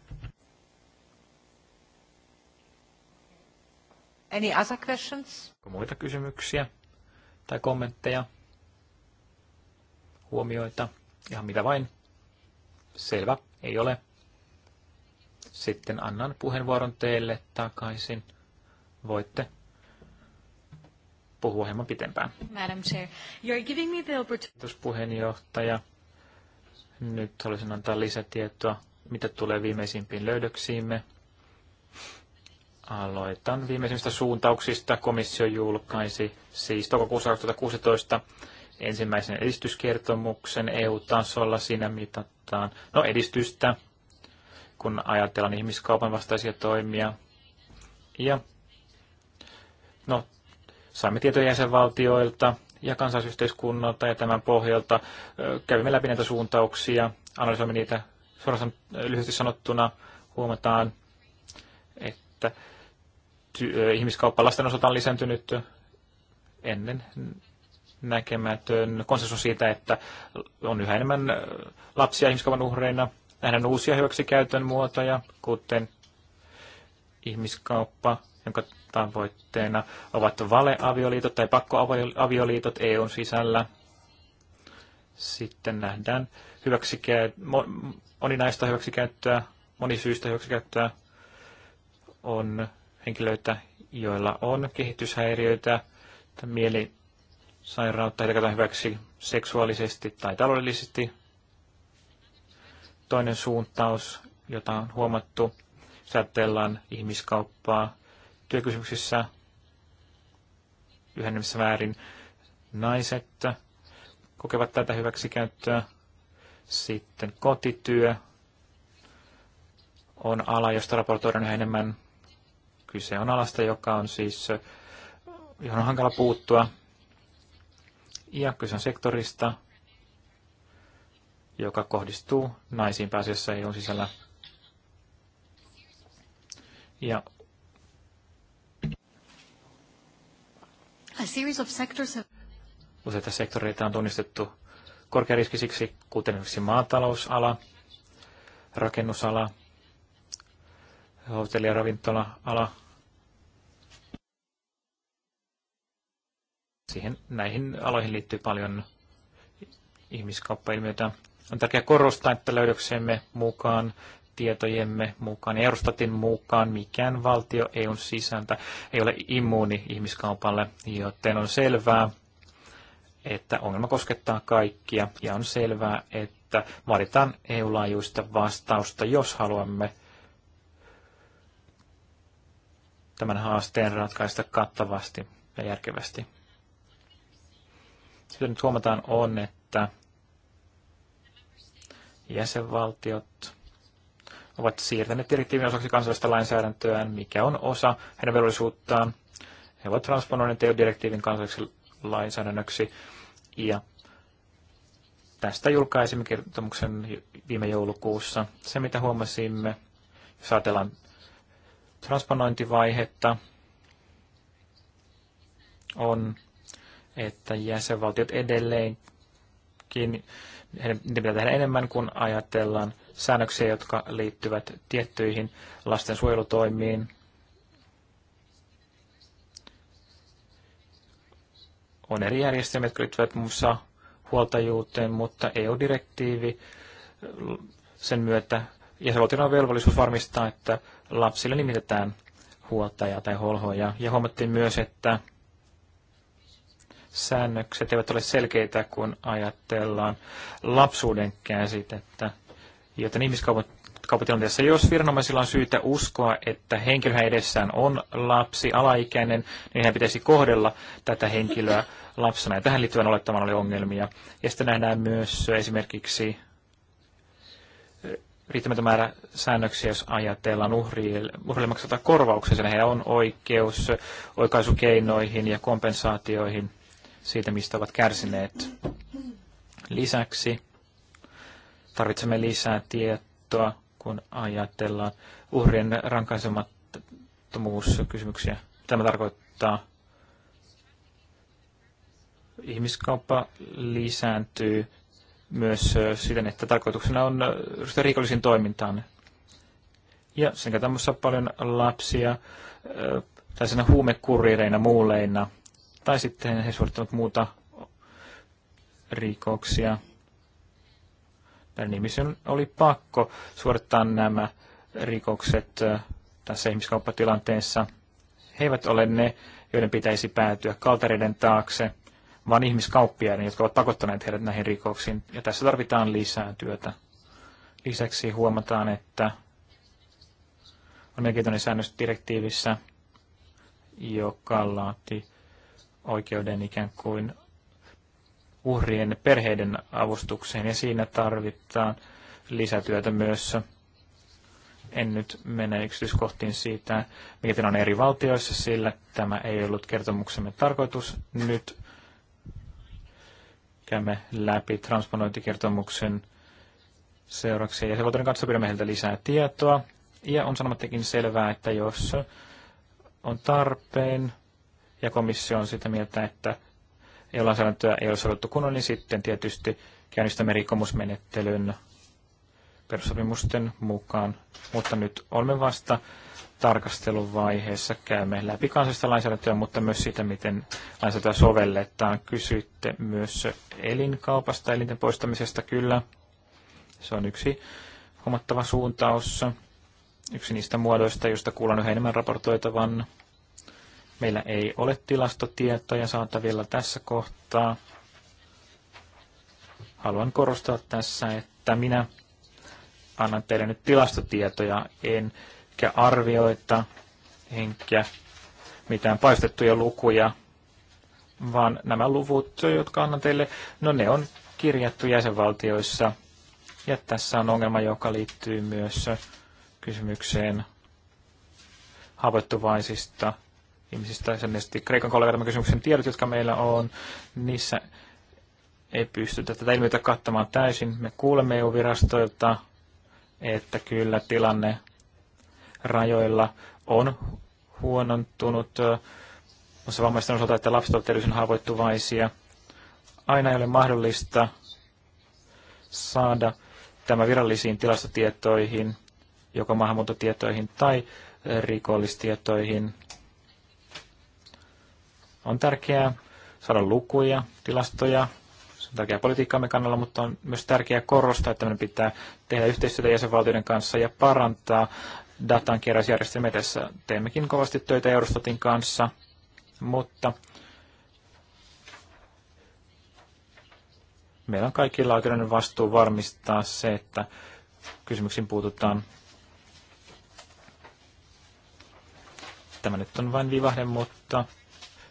Any other questions? Onko muita kysymyksiä tai kommentteja? huomioita? Ihan mitä vain. Selvä, ei ole. Sitten annan puheenvuoron teille takaisin. Voitte puhua hieman pitempään. Madam Chair, you're giving me the opportunity... puheenjohtaja. Nyt haluaisin antaa lisätietoa, mitä tulee viimeisimpiin löydöksiimme. Aloitan viimeisimmistä suuntauksista. Komissio julkaisi siis toukokuussa 2016 ensimmäisen edistyskertomuksen EU-tasolla. Siinä mitataan no, edistystä, kun ajatellaan ihmiskaupan vastaisia toimia. Ja no, saimme tietoja jäsenvaltioilta ja kansallisyhteiskunnalta ja tämän pohjalta kävimme läpi näitä suuntauksia, analysoimme niitä suoraan lyhyesti sanottuna, huomataan, että ihmiskauppa lasten osalta on lisääntynyt ennen näkemätön konsensus siitä, että on yhä enemmän lapsia ihmiskaupan uhreina. Nähdään uusia hyväksikäytön muotoja, kuten ihmiskauppa, jonka tavoitteena ovat valeavioliitot tai pakkoavioliitot EUn sisällä. Sitten nähdään hyväksikäyt, moninaista hyväksikäyttöä, monisyistä hyväksikäyttöä. On henkilöitä, joilla on kehityshäiriöitä, mieli sairautta heitä hyväksi seksuaalisesti tai taloudellisesti. Toinen suuntaus, jota on huomattu, säätellään ihmiskauppaa työkysymyksissä yhdenemmissä väärin. Naiset kokevat tätä hyväksikäyttöä. Sitten kotityö on ala, josta raportoidaan yhä enemmän. Kyse on alasta, joka on siis, johon on hankala puuttua ja sektorista, joka kohdistuu naisiin pääasiassa EUn sisällä. Ja Useita sektoreita on tunnistettu korkeariskisiksi, kuten esimerkiksi maatalousala, rakennusala, hotelli- ja ravintola-ala, Siihen, näihin aloihin liittyy paljon ihmiskauppailmiöitä. On tärkeää korostaa, että löydöksemme mukaan, tietojemme mukaan Eurostatin mukaan mikään valtio EUn sisältä ei ole immuuni ihmiskaupalle, joten on selvää, että ongelma koskettaa kaikkia ja on selvää, että vaaditaan EU-laajuista vastausta, jos haluamme tämän haasteen ratkaista kattavasti ja järkevästi. Sitten nyt huomataan on, että jäsenvaltiot ovat siirtäneet direktiivin osaksi kansallista lainsäädäntöään, mikä on osa heidän velvollisuuttaan. He ovat transponoineet EU-direktiivin kansalliseksi lainsäädännöksi ja tästä julkaisimme kertomuksen viime joulukuussa. Se, mitä huomasimme, jos ajatellaan transponointivaihetta, on että jäsenvaltiot edelleenkin, heidän pitää tehdä enemmän, kun ajatellaan säännöksiä, jotka liittyvät tiettyihin lastensuojelutoimiin. On eri järjestelmät jotka liittyvät muun muassa huoltajuuteen, mutta EU-direktiivi sen myötä jäsenvaltion on velvollisuus varmistaa, että lapsille nimitetään huoltaja tai holhoja. Ja huomattiin myös, että säännökset eivät ole selkeitä, kun ajatellaan lapsuuden käsitettä. Joten ihmiskaupatilanteessa, jos viranomaisilla on syytä uskoa, että henkilö edessään on lapsi, alaikäinen, niin hän pitäisi kohdella tätä henkilöä lapsena. Ja tähän liittyen olettamaan oli ongelmia. Ja sitten nähdään myös esimerkiksi eh, riittämätön määrä säännöksiä, jos ajatellaan uhrille, uhrille maksata korvauksia, heillä on oikeus oikaisukeinoihin ja kompensaatioihin siitä, mistä ovat kärsineet. Lisäksi tarvitsemme lisää tietoa, kun ajatellaan uhrien rankaisemattomuuskysymyksiä. Tämä tarkoittaa, ihmiskauppa lisääntyy myös siten, että tarkoituksena on ryhtyä rikollisin toimintaan. Ja sen tämmössä paljon lapsia tällaisena huumekurireina, muuleina, tai sitten he suorittavat muuta rikoksia. Tämän ihmisen oli pakko suorittaa nämä rikokset tässä ihmiskauppatilanteessa. He eivät ole ne, joiden pitäisi päätyä kaltareiden taakse, vaan ihmiskauppiaiden, jotka ovat pakottaneet heidät näihin rikoksiin. Ja tässä tarvitaan lisää työtä. Lisäksi huomataan, että on mielenkiintoinen säännös direktiivissä, joka laati oikeuden ikään kuin uhrien perheiden avustukseen ja siinä tarvitaan lisätyötä myös. En nyt mene yksityiskohtiin siitä, mikä tilanne on eri valtioissa, sillä tämä ei ollut kertomuksemme tarkoitus. Nyt käymme läpi transponointikertomuksen seuraksi. Ja se kanssa pidämme heiltä lisää tietoa. Ja on sanomattakin selvää, että jos on tarpeen, ja komissio on sitä mieltä, että eu lainsäädäntöä ei ole sovellettu kunnolla, niin sitten tietysti käynnistämme rikkomusmenettelyn perussopimusten mukaan. Mutta nyt olemme vasta tarkasteluvaiheessa. Käymme läpi kansallista lainsäädäntöä, mutta myös sitä, miten lainsäädäntöä sovelletaan. kysytte myös elinkaupasta, elinten poistamisesta kyllä. Se on yksi huomattava suuntaus. Yksi niistä muodoista, josta kuullaan yhä enemmän raportoitavan Meillä ei ole tilastotietoja saatavilla tässä kohtaa. Haluan korostaa tässä, että minä annan teille nyt tilastotietoja, enkä arvioita, enkä mitään paistettuja lukuja, vaan nämä luvut, jotka annan teille, no ne on kirjattu jäsenvaltioissa. Ja tässä on ongelma, joka liittyy myös kysymykseen haavoittuvaisista ihmisistä, esimerkiksi Kreikan kollega kysymyksen tiedot, jotka meillä on, niissä ei pystytä tätä ilmiötä kattamaan täysin. Me kuulemme EU-virastoilta, että kyllä tilanne rajoilla on huonontunut. Mutta vammaisten osalta, että lapset ovat erityisen haavoittuvaisia. Aina ei ole mahdollista saada tämä virallisiin tilastotietoihin, joko maahanmuuttotietoihin tai rikollistietoihin. On tärkeää saada lukuja, tilastoja, se on tärkeää politiikkaamme kannalla, mutta on myös tärkeää korostaa, että meidän pitää tehdä yhteistyötä jäsenvaltioiden kanssa ja parantaa datan keräysjärjestelmä Tässä teemmekin kovasti töitä Eurostatin kanssa, mutta meillä on kaikilla oikeudellinen vastuu varmistaa se, että kysymyksiin puututaan. Tämä nyt on vain vivahde, mutta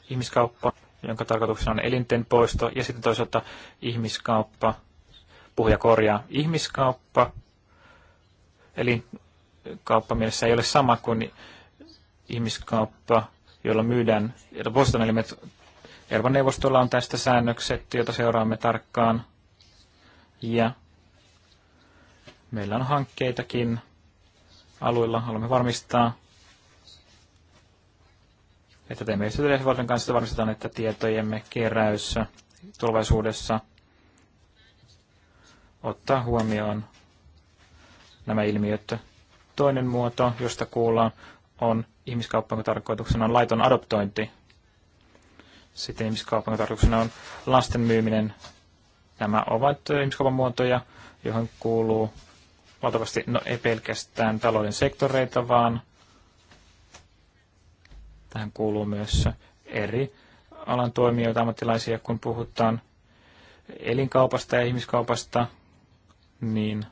ihmiskauppa, jonka tarkoituksena on elinten poisto, ja sitten toisaalta ihmiskauppa, puhuja korjaa, ihmiskauppa, eli kauppa mielessä ei ole sama kuin ihmiskauppa, jolla myydään, jota Boston elimet Euroopan neuvostolla on tästä säännökset, joita seuraamme tarkkaan. Ja meillä on hankkeitakin alueilla. Haluamme varmistaa, että teemme yhteistyötä kanssa varmistetaan, että tietojemme keräys tulevaisuudessa ottaa huomioon nämä ilmiöt. Toinen muoto, josta kuullaan, on ihmiskauppan tarkoituksena on laiton adoptointi. Sitten ihmiskaupan tarkoituksena on lasten myyminen. Nämä ovat ihmiskaupan muotoja, johon kuuluu valtavasti no, ei pelkästään talouden sektoreita, vaan Tähän kuuluu myös eri alan toimijoita, ammattilaisia, kun puhutaan elinkaupasta ja ihmiskaupasta, niin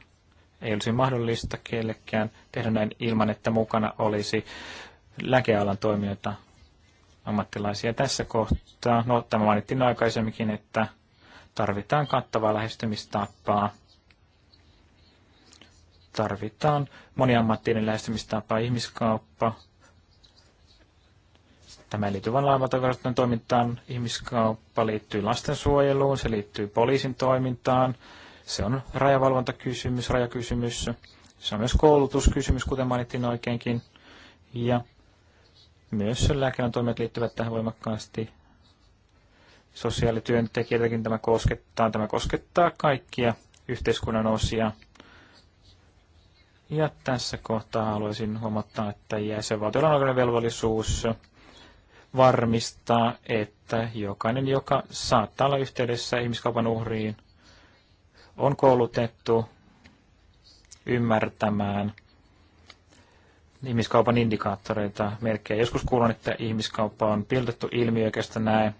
ei olisi mahdollista kellekään tehdä näin ilman, että mukana olisi lääkealan toimijoita, ammattilaisia tässä kohtaa. No, tämä mainittiin aikaisemminkin, että tarvitaan kattavaa lähestymistapaa. Tarvitaan moniammattinen lähestymistapa, ihmiskauppa, Tämä ei liity vain laivatoimiston toimintaan, ihmiskauppa liittyy lastensuojeluun, se liittyy poliisin toimintaan, se on rajavalvontakysymys, rajakysymys, se on myös koulutuskysymys, kuten mainittiin oikeinkin, ja myös lääkealan toimet liittyvät tähän voimakkaasti. Sosiaalityöntekijöitäkin tämä koskettaa, tämä koskettaa kaikkia yhteiskunnan osia. Ja tässä kohtaa haluaisin huomata, että jäsenvaltiolla on velvollisuus varmistaa, että jokainen, joka saattaa olla yhteydessä ihmiskaupan uhriin, on koulutettu ymmärtämään ihmiskaupan indikaattoreita, merkkejä. Joskus kuulun, että ihmiskauppa on piltettu ilmiö, eikä sitä näe.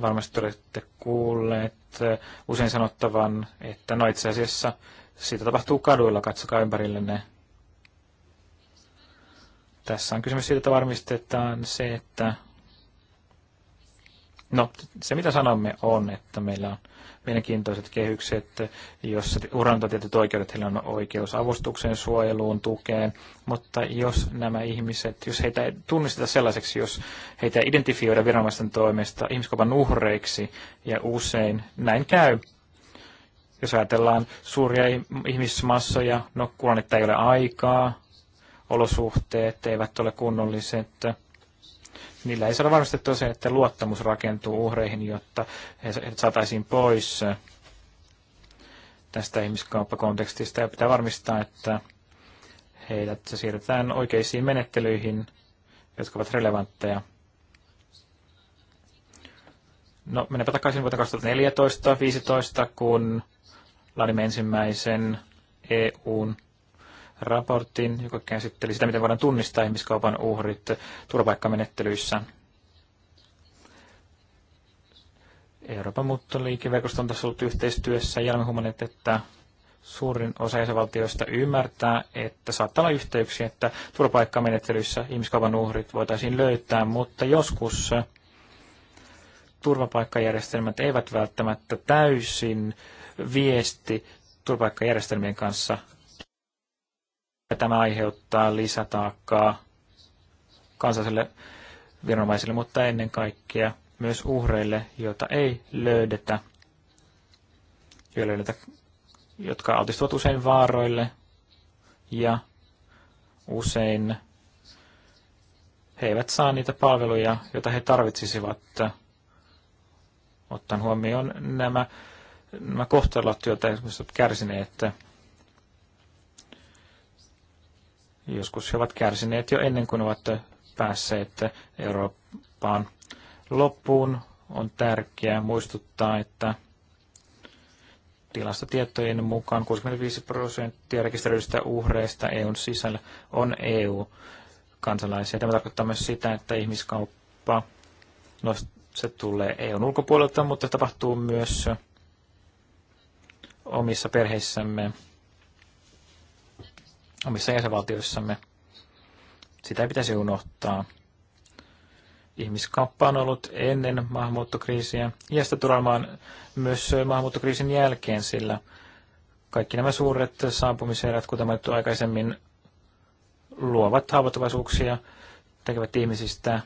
Varmasti olette kuulleet usein sanottavan, että no itse asiassa siitä tapahtuu kaduilla, katsokaa ympärillenne. Tässä on kysymys siitä, että varmistetaan se, että No, se mitä sanomme on, että meillä on mielenkiintoiset kehykset, jossa uranto tietyt oikeudet, heillä on oikeus avustukseen, suojeluun, tukeen, mutta jos nämä ihmiset, jos heitä ei tunnisteta sellaiseksi, jos heitä identifioida viranomaisten toimesta ihmiskaupan uhreiksi, ja usein näin käy, jos ajatellaan suuria ihmismassoja, no että ei ole aikaa, olosuhteet eivät ole kunnolliset. Niillä ei saada varmistettua se, että luottamus rakentuu uhreihin, jotta he saataisiin pois tästä ihmiskauppakontekstista ja pitää varmistaa, että heidät se siirretään oikeisiin menettelyihin, jotka ovat relevantteja. No, mennäänpä takaisin vuoteen 2014 15 kun laadimme ensimmäisen EUn raportin, joka käsitteli sitä, miten voidaan tunnistaa ihmiskaupan uhrit turvapaikkamenettelyissä. Euroopan muuttoliikeverkosto on tässä ollut yhteistyössä ja olemme huomanneet, että suurin osa jäsenvaltioista ymmärtää, että saattaa olla yhteyksiä, että turvapaikkamenettelyissä ihmiskaupan uhrit voitaisiin löytää, mutta joskus turvapaikkajärjestelmät eivät välttämättä täysin viesti turvapaikkajärjestelmien kanssa ja tämä aiheuttaa lisätaakkaa kansalliselle viranomaisille, mutta ennen kaikkea myös uhreille, joita ei löydetä, löydetä jotka altistuvat usein vaaroille ja usein he eivät saa niitä palveluja, joita he tarvitsisivat, ottaen huomioon nämä, nämä kohtalot, joita esimerkiksi ovat kärsineet. Joskus he ovat kärsineet jo ennen kuin ovat päässeet Eurooppaan loppuun. On tärkeää muistuttaa, että tilastotietojen mukaan 65 prosenttia rekisteröidyistä uhreista EUn sisällä on EU-kansalaisia. Tämä tarkoittaa myös sitä, että ihmiskauppa, no se tulee EUn ulkopuolelta, mutta tapahtuu myös omissa perheissämme omissa jäsenvaltioissamme. Sitä ei pitäisi unohtaa. Ihmiskauppa on ollut ennen maahanmuuttokriisiä ja sitä tulemaan myös maahanmuuttokriisin jälkeen, sillä kaikki nämä suuret saapumiserät, kuten mainittu aikaisemmin, luovat haavoittuvaisuuksia, tekevät ihmisistä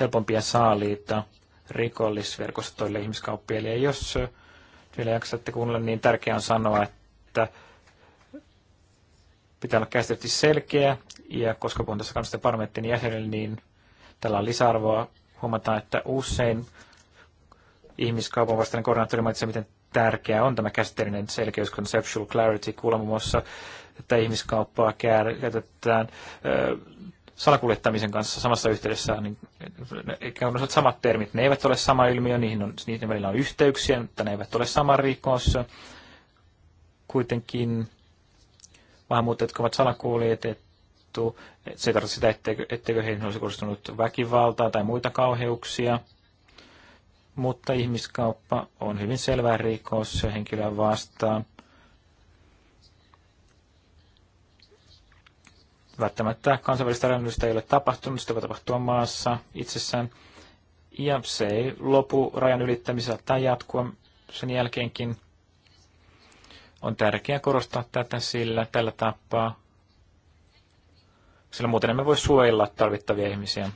helpompia saaliita rikollisverkostoille ihmiskauppia. Eli jos vielä jaksatte kuunnella, niin tärkeää on sanoa, että pitää olla käsitelty selkeä, ja koska puhun tässä kanssa parametrin jäsenelle, niin tällä on lisäarvoa. Huomataan, että usein ihmiskaupan vastainen koordinaattori mainitsee, miten tärkeää on tämä käsitteellinen selkeys, conceptual clarity, kuulla muun muassa, että ihmiskauppaa käytetään salakuljettamisen kanssa samassa yhteydessä, niin eikä on samat termit, ne eivät ole sama ilmiö, niihin on, niiden välillä on yhteyksiä, mutta ne eivät ole sama rikos. Kuitenkin maahanmuuttajat, jotka ovat salakuljetettu. Se ei tarkoita sitä, etteikö, etteikö heihin olisi kohdistunut väkivaltaa tai muita kauheuksia. Mutta ihmiskauppa on hyvin selvä rikos henkilöä vastaan. Välttämättä kansainvälistä rangaistusta ei ole tapahtunut, sitä voi tapahtua maassa itsessään. Ja se ei lopu rajan ylittämisellä tai jatkua sen jälkeenkin on tärkeää korostaa tätä sillä tällä tapaa, sillä muuten emme voi suojella tarvittavia ihmisiä.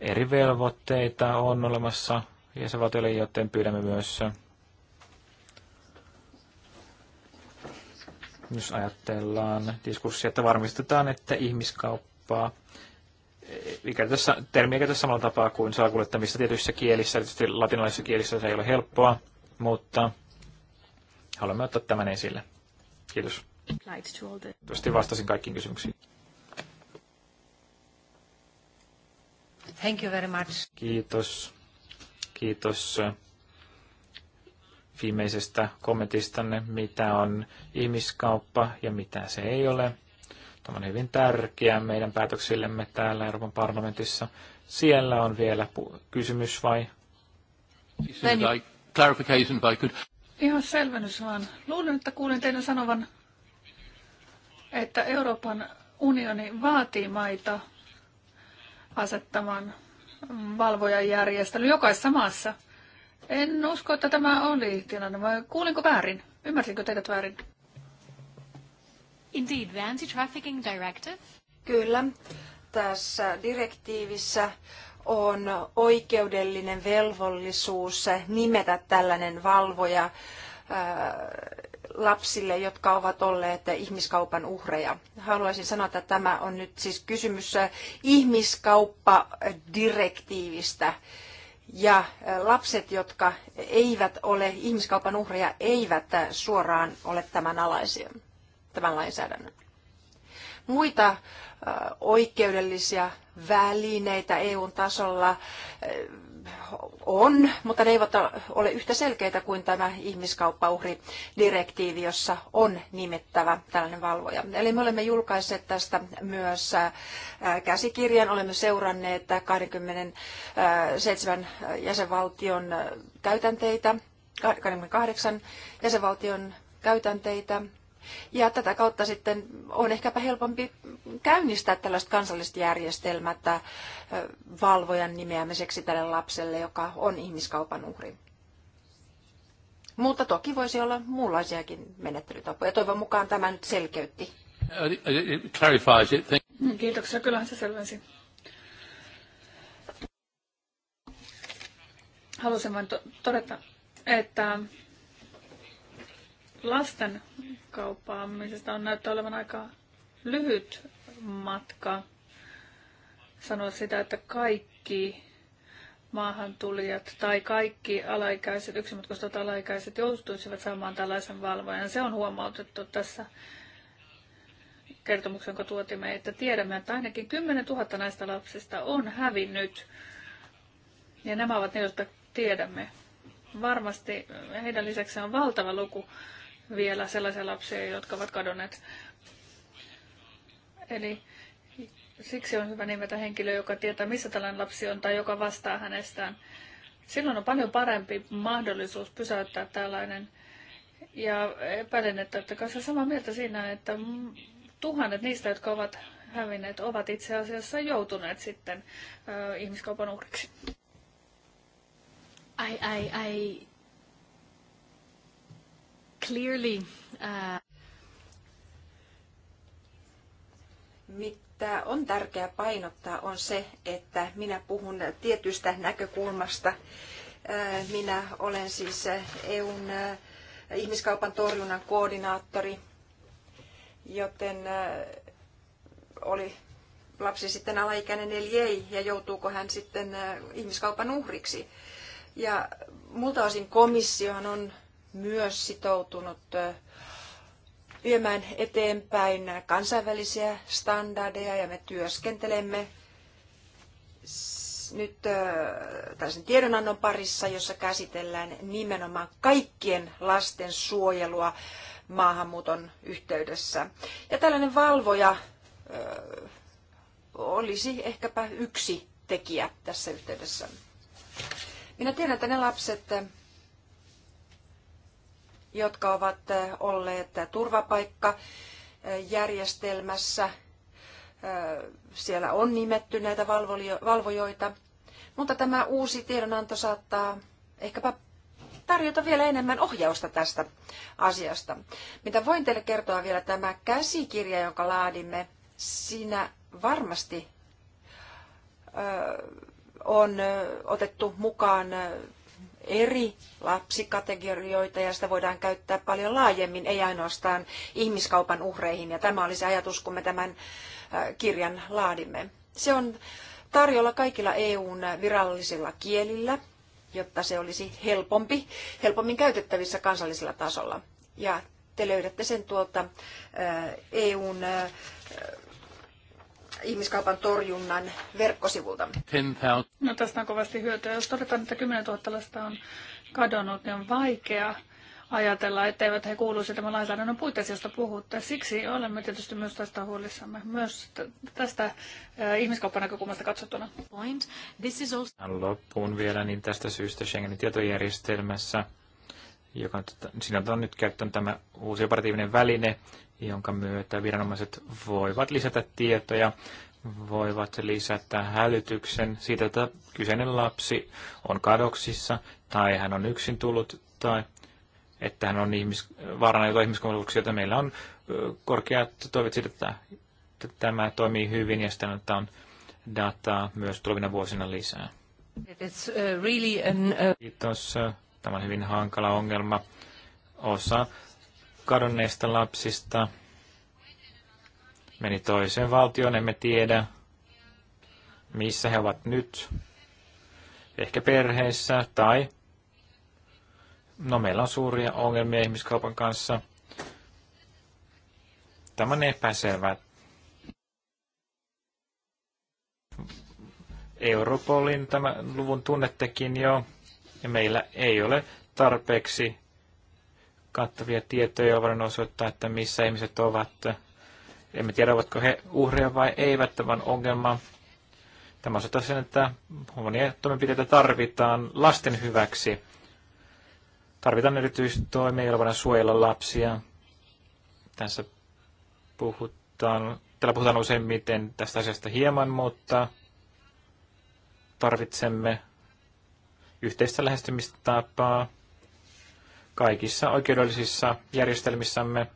Eri velvoitteita on olemassa jäsenvaltioille, joten pyydämme myös jos ajatellaan diskurssia, että varmistetaan, että ihmiskauppaa mikä tässä, termiä käytetään samalla tapaa kuin salakuljettamista tietyissä kielissä, tietysti latinalaisissa kielissä se ei ole helppoa, mutta Haluamme ottaa tämän esille. Kiitos. Toivottavasti vastasin kaikkiin kysymyksiin. Thank you very much. Kiitos. Kiitos äh, viimeisestä kommentistanne, mitä on ihmiskauppa ja mitä se ei ole. Tämä on hyvin tärkeää meidän päätöksillemme täällä Euroopan parlamentissa. Siellä on vielä kysymys vai? Clarification by Ihan selvennys vaan. Luulen, että kuulin teidän sanovan, että Euroopan unioni vaatii maita asettamaan valvojan järjestely jokaisessa maassa. En usko, että tämä oli tilanne, vai kuulinko väärin? Ymmärsinkö teidät väärin? Indeed, the Anti-Trafficking Directive. Kyllä, tässä direktiivissä on oikeudellinen velvollisuus nimetä tällainen valvoja äh, lapsille, jotka ovat olleet ihmiskaupan uhreja. Haluaisin sanoa, että tämä on nyt siis kysymys ihmiskauppadirektiivistä. Ja äh, lapset, jotka eivät ole ihmiskaupan uhreja, eivät äh, suoraan ole tämän alaisia, tämän lainsäädännön. Muita oikeudellisia välineitä EUn tasolla on, mutta ne eivät ole yhtä selkeitä kuin tämä ihmiskauppauhridirektiivi, jossa on nimettävä tällainen valvoja. Eli me olemme julkaisseet tästä myös käsikirjan, olemme seuranneet 27 jäsenvaltion käytänteitä, 28 jäsenvaltion käytänteitä ja tätä kautta sitten on ehkäpä helpompi käynnistää tällaista kansallista järjestelmää äh, valvojan nimeämiseksi tälle lapselle, joka on ihmiskaupan uhri. Mutta toki voisi olla muunlaisiakin menettelytapoja. Toivon mukaan tämä nyt selkeytti. Uh, mm, kiitoksia, kyllähän se selvensi. Halusin vain to- todeta, että lasten kauppaamisesta on näyttää olevan aika lyhyt matka sanoa sitä, että kaikki maahantulijat tai kaikki alaikäiset, yksinmatkustavat alaikäiset joutuisivat saamaan tällaisen valvojan. Se on huomautettu tässä kertomuksen, jonka tuotimme, että tiedämme, että ainakin 10 000 näistä lapsista on hävinnyt. Ja nämä ovat ne, joista tiedämme. Varmasti heidän lisäksi on valtava luku vielä sellaisia lapsia, jotka ovat kadonneet. Eli siksi on hyvä nimetä henkilö, joka tietää, missä tällainen lapsi on tai joka vastaa hänestään. Silloin on paljon parempi mahdollisuus pysäyttää tällainen. Ja epäilen, että olette kanssa samaa mieltä siinä, että tuhannet niistä, jotka ovat hävinneet, ovat itse asiassa joutuneet sitten ö, ihmiskaupan uhriksi. ai. ai, ai clearly, uh, Mitä on tärkeää painottaa on se, että minä puhun tietystä näkökulmasta. Äh, minä olen siis äh, EUn äh, ihmiskaupan torjunnan koordinaattori, joten oli lapsi sitten alaikäinen eli ei, ja joutuuko hän sitten ihmiskaupan uhriksi. Ja multa osin komissiohan on myös sitoutunut viemään eteenpäin kansainvälisiä standardeja ja me työskentelemme nyt tällaisen tiedonannon parissa, jossa käsitellään nimenomaan kaikkien lasten suojelua maahanmuuton yhteydessä. Ja tällainen valvoja olisi ehkäpä yksi tekijä tässä yhteydessä. Minä tiedän, että ne lapset, jotka ovat eh, olleet turvapaikkajärjestelmässä. Eh, siellä on nimetty näitä valvojoita, mutta tämä uusi tiedonanto saattaa ehkäpä tarjota vielä enemmän ohjausta tästä asiasta. Mitä voin teille kertoa vielä tämä käsikirja, jonka laadimme, siinä varmasti on otettu mukaan eri lapsikategorioita ja sitä voidaan käyttää paljon laajemmin, ei ainoastaan ihmiskaupan uhreihin. Ja tämä oli se ajatus, kun me tämän kirjan laadimme. Se on tarjolla kaikilla EUn virallisilla kielillä, jotta se olisi helpompi, helpommin käytettävissä kansallisella tasolla. Ja te löydätte sen tuolta EUn ihmiskaupan torjunnan verkkosivultamme. No tästä on kovasti hyötyä. Jos todetaan, että 10 000 lasta on kadonnut, niin on vaikea ajatella, etteivät he kuuluisi tämän lainsäädännön puitteissa, josta puhutte. Siksi olemme tietysti myös tästä huolissamme, myös tästä ihmiskaupan näkökulmasta katsottuna. Point. This is also... Loppuun vielä niin tästä syystä Schengenin tietojärjestelmässä, joka sinä on nyt käyttänyt tämä uusi operatiivinen väline, jonka myötä viranomaiset voivat lisätä tietoja, voivat lisätä hälytyksen siitä, että kyseinen lapsi on kadoksissa tai hän on yksin tullut tai että hän on ihmis, vaarana jotain ihmiskoulutuksia, joten meillä on korkeat toivot siitä, että tämä toimii hyvin ja sitten on dataa myös tulevina vuosina lisää. It's really an, uh... Kiitos. Tämä on hyvin hankala ongelma. Osa kadonneista lapsista meni toiseen valtioon, emme tiedä, missä he ovat nyt. Ehkä perheissä tai... No meillä on suuria ongelmia ihmiskaupan kanssa. Tämä on epäselvä. Europolin tämän luvun tunnettekin jo, ja meillä ei ole tarpeeksi kattavia tietoja, joilla voidaan osoittaa, että missä ihmiset ovat. Emme tiedä, ovatko he uhreja vai eivät, tämän ongelma. Tämä osoittaa sen, että monia toimenpiteitä tarvitaan lasten hyväksi. Tarvitaan erityistoimia, joilla voidaan suojella lapsia. Tässä puhutaan, täällä puhutaan useimmiten tästä asiasta hieman, mutta tarvitsemme yhteistä lähestymistapaa kaikissa oikeudellisissa järjestelmissämme,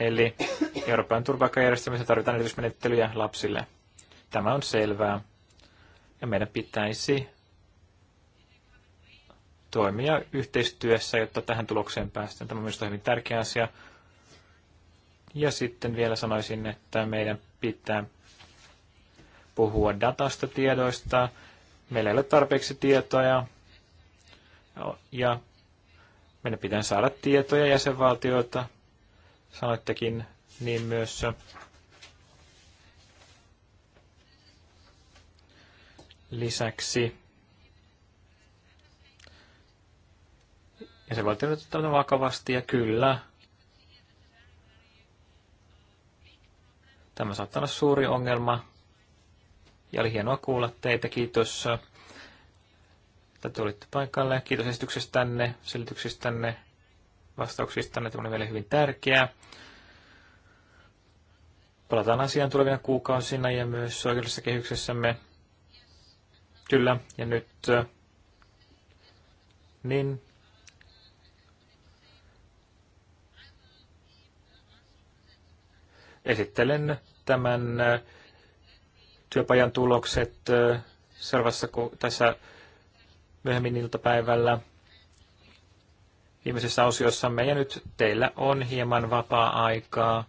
eli Euroopan turvapaikkajärjestelmissä tarvitaan erityismenettelyjä lapsille. Tämä on selvää. Ja meidän pitäisi toimia yhteistyössä, jotta tähän tulokseen päästään. Tämä on minusta hyvin tärkeä asia. Ja sitten vielä sanoisin, että meidän pitää puhua datasta, tiedoista. Meillä ei ole tarpeeksi tietoja ja meidän pitää saada tietoja jäsenvaltioilta, sanoittekin niin myös. Lisäksi jäsenvaltioita otetaan vakavasti ja kyllä, tämä saattaa olla suuri ongelma. Ja oli hienoa kuulla teitä, kiitos että tulitte paikalle. Kiitos esityksestänne, selityksestänne, vastauksistanne. Tämä oli meille hyvin tärkeää. Palataan asiaan tulevina kuukausina ja myös oikeudessa kehyksessämme. Kyllä, ja nyt äh, niin esittelen tämän äh, työpajan tulokset äh, seuraavassa, tässä myöhemmin iltapäivällä viimeisessä osiossamme. Ja nyt teillä on hieman vapaa-aikaa,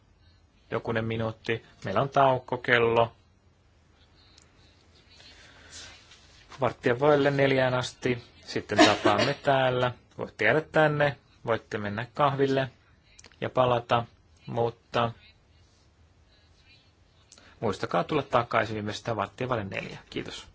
jokunen minuutti. Meillä on tauko kello varttia voille neljään asti. Sitten tapaamme [coughs] täällä. Voitte jäädä tänne, voitte mennä kahville ja palata, mutta muistakaa tulla takaisin viimeistään varttia vaille neljä. Kiitos.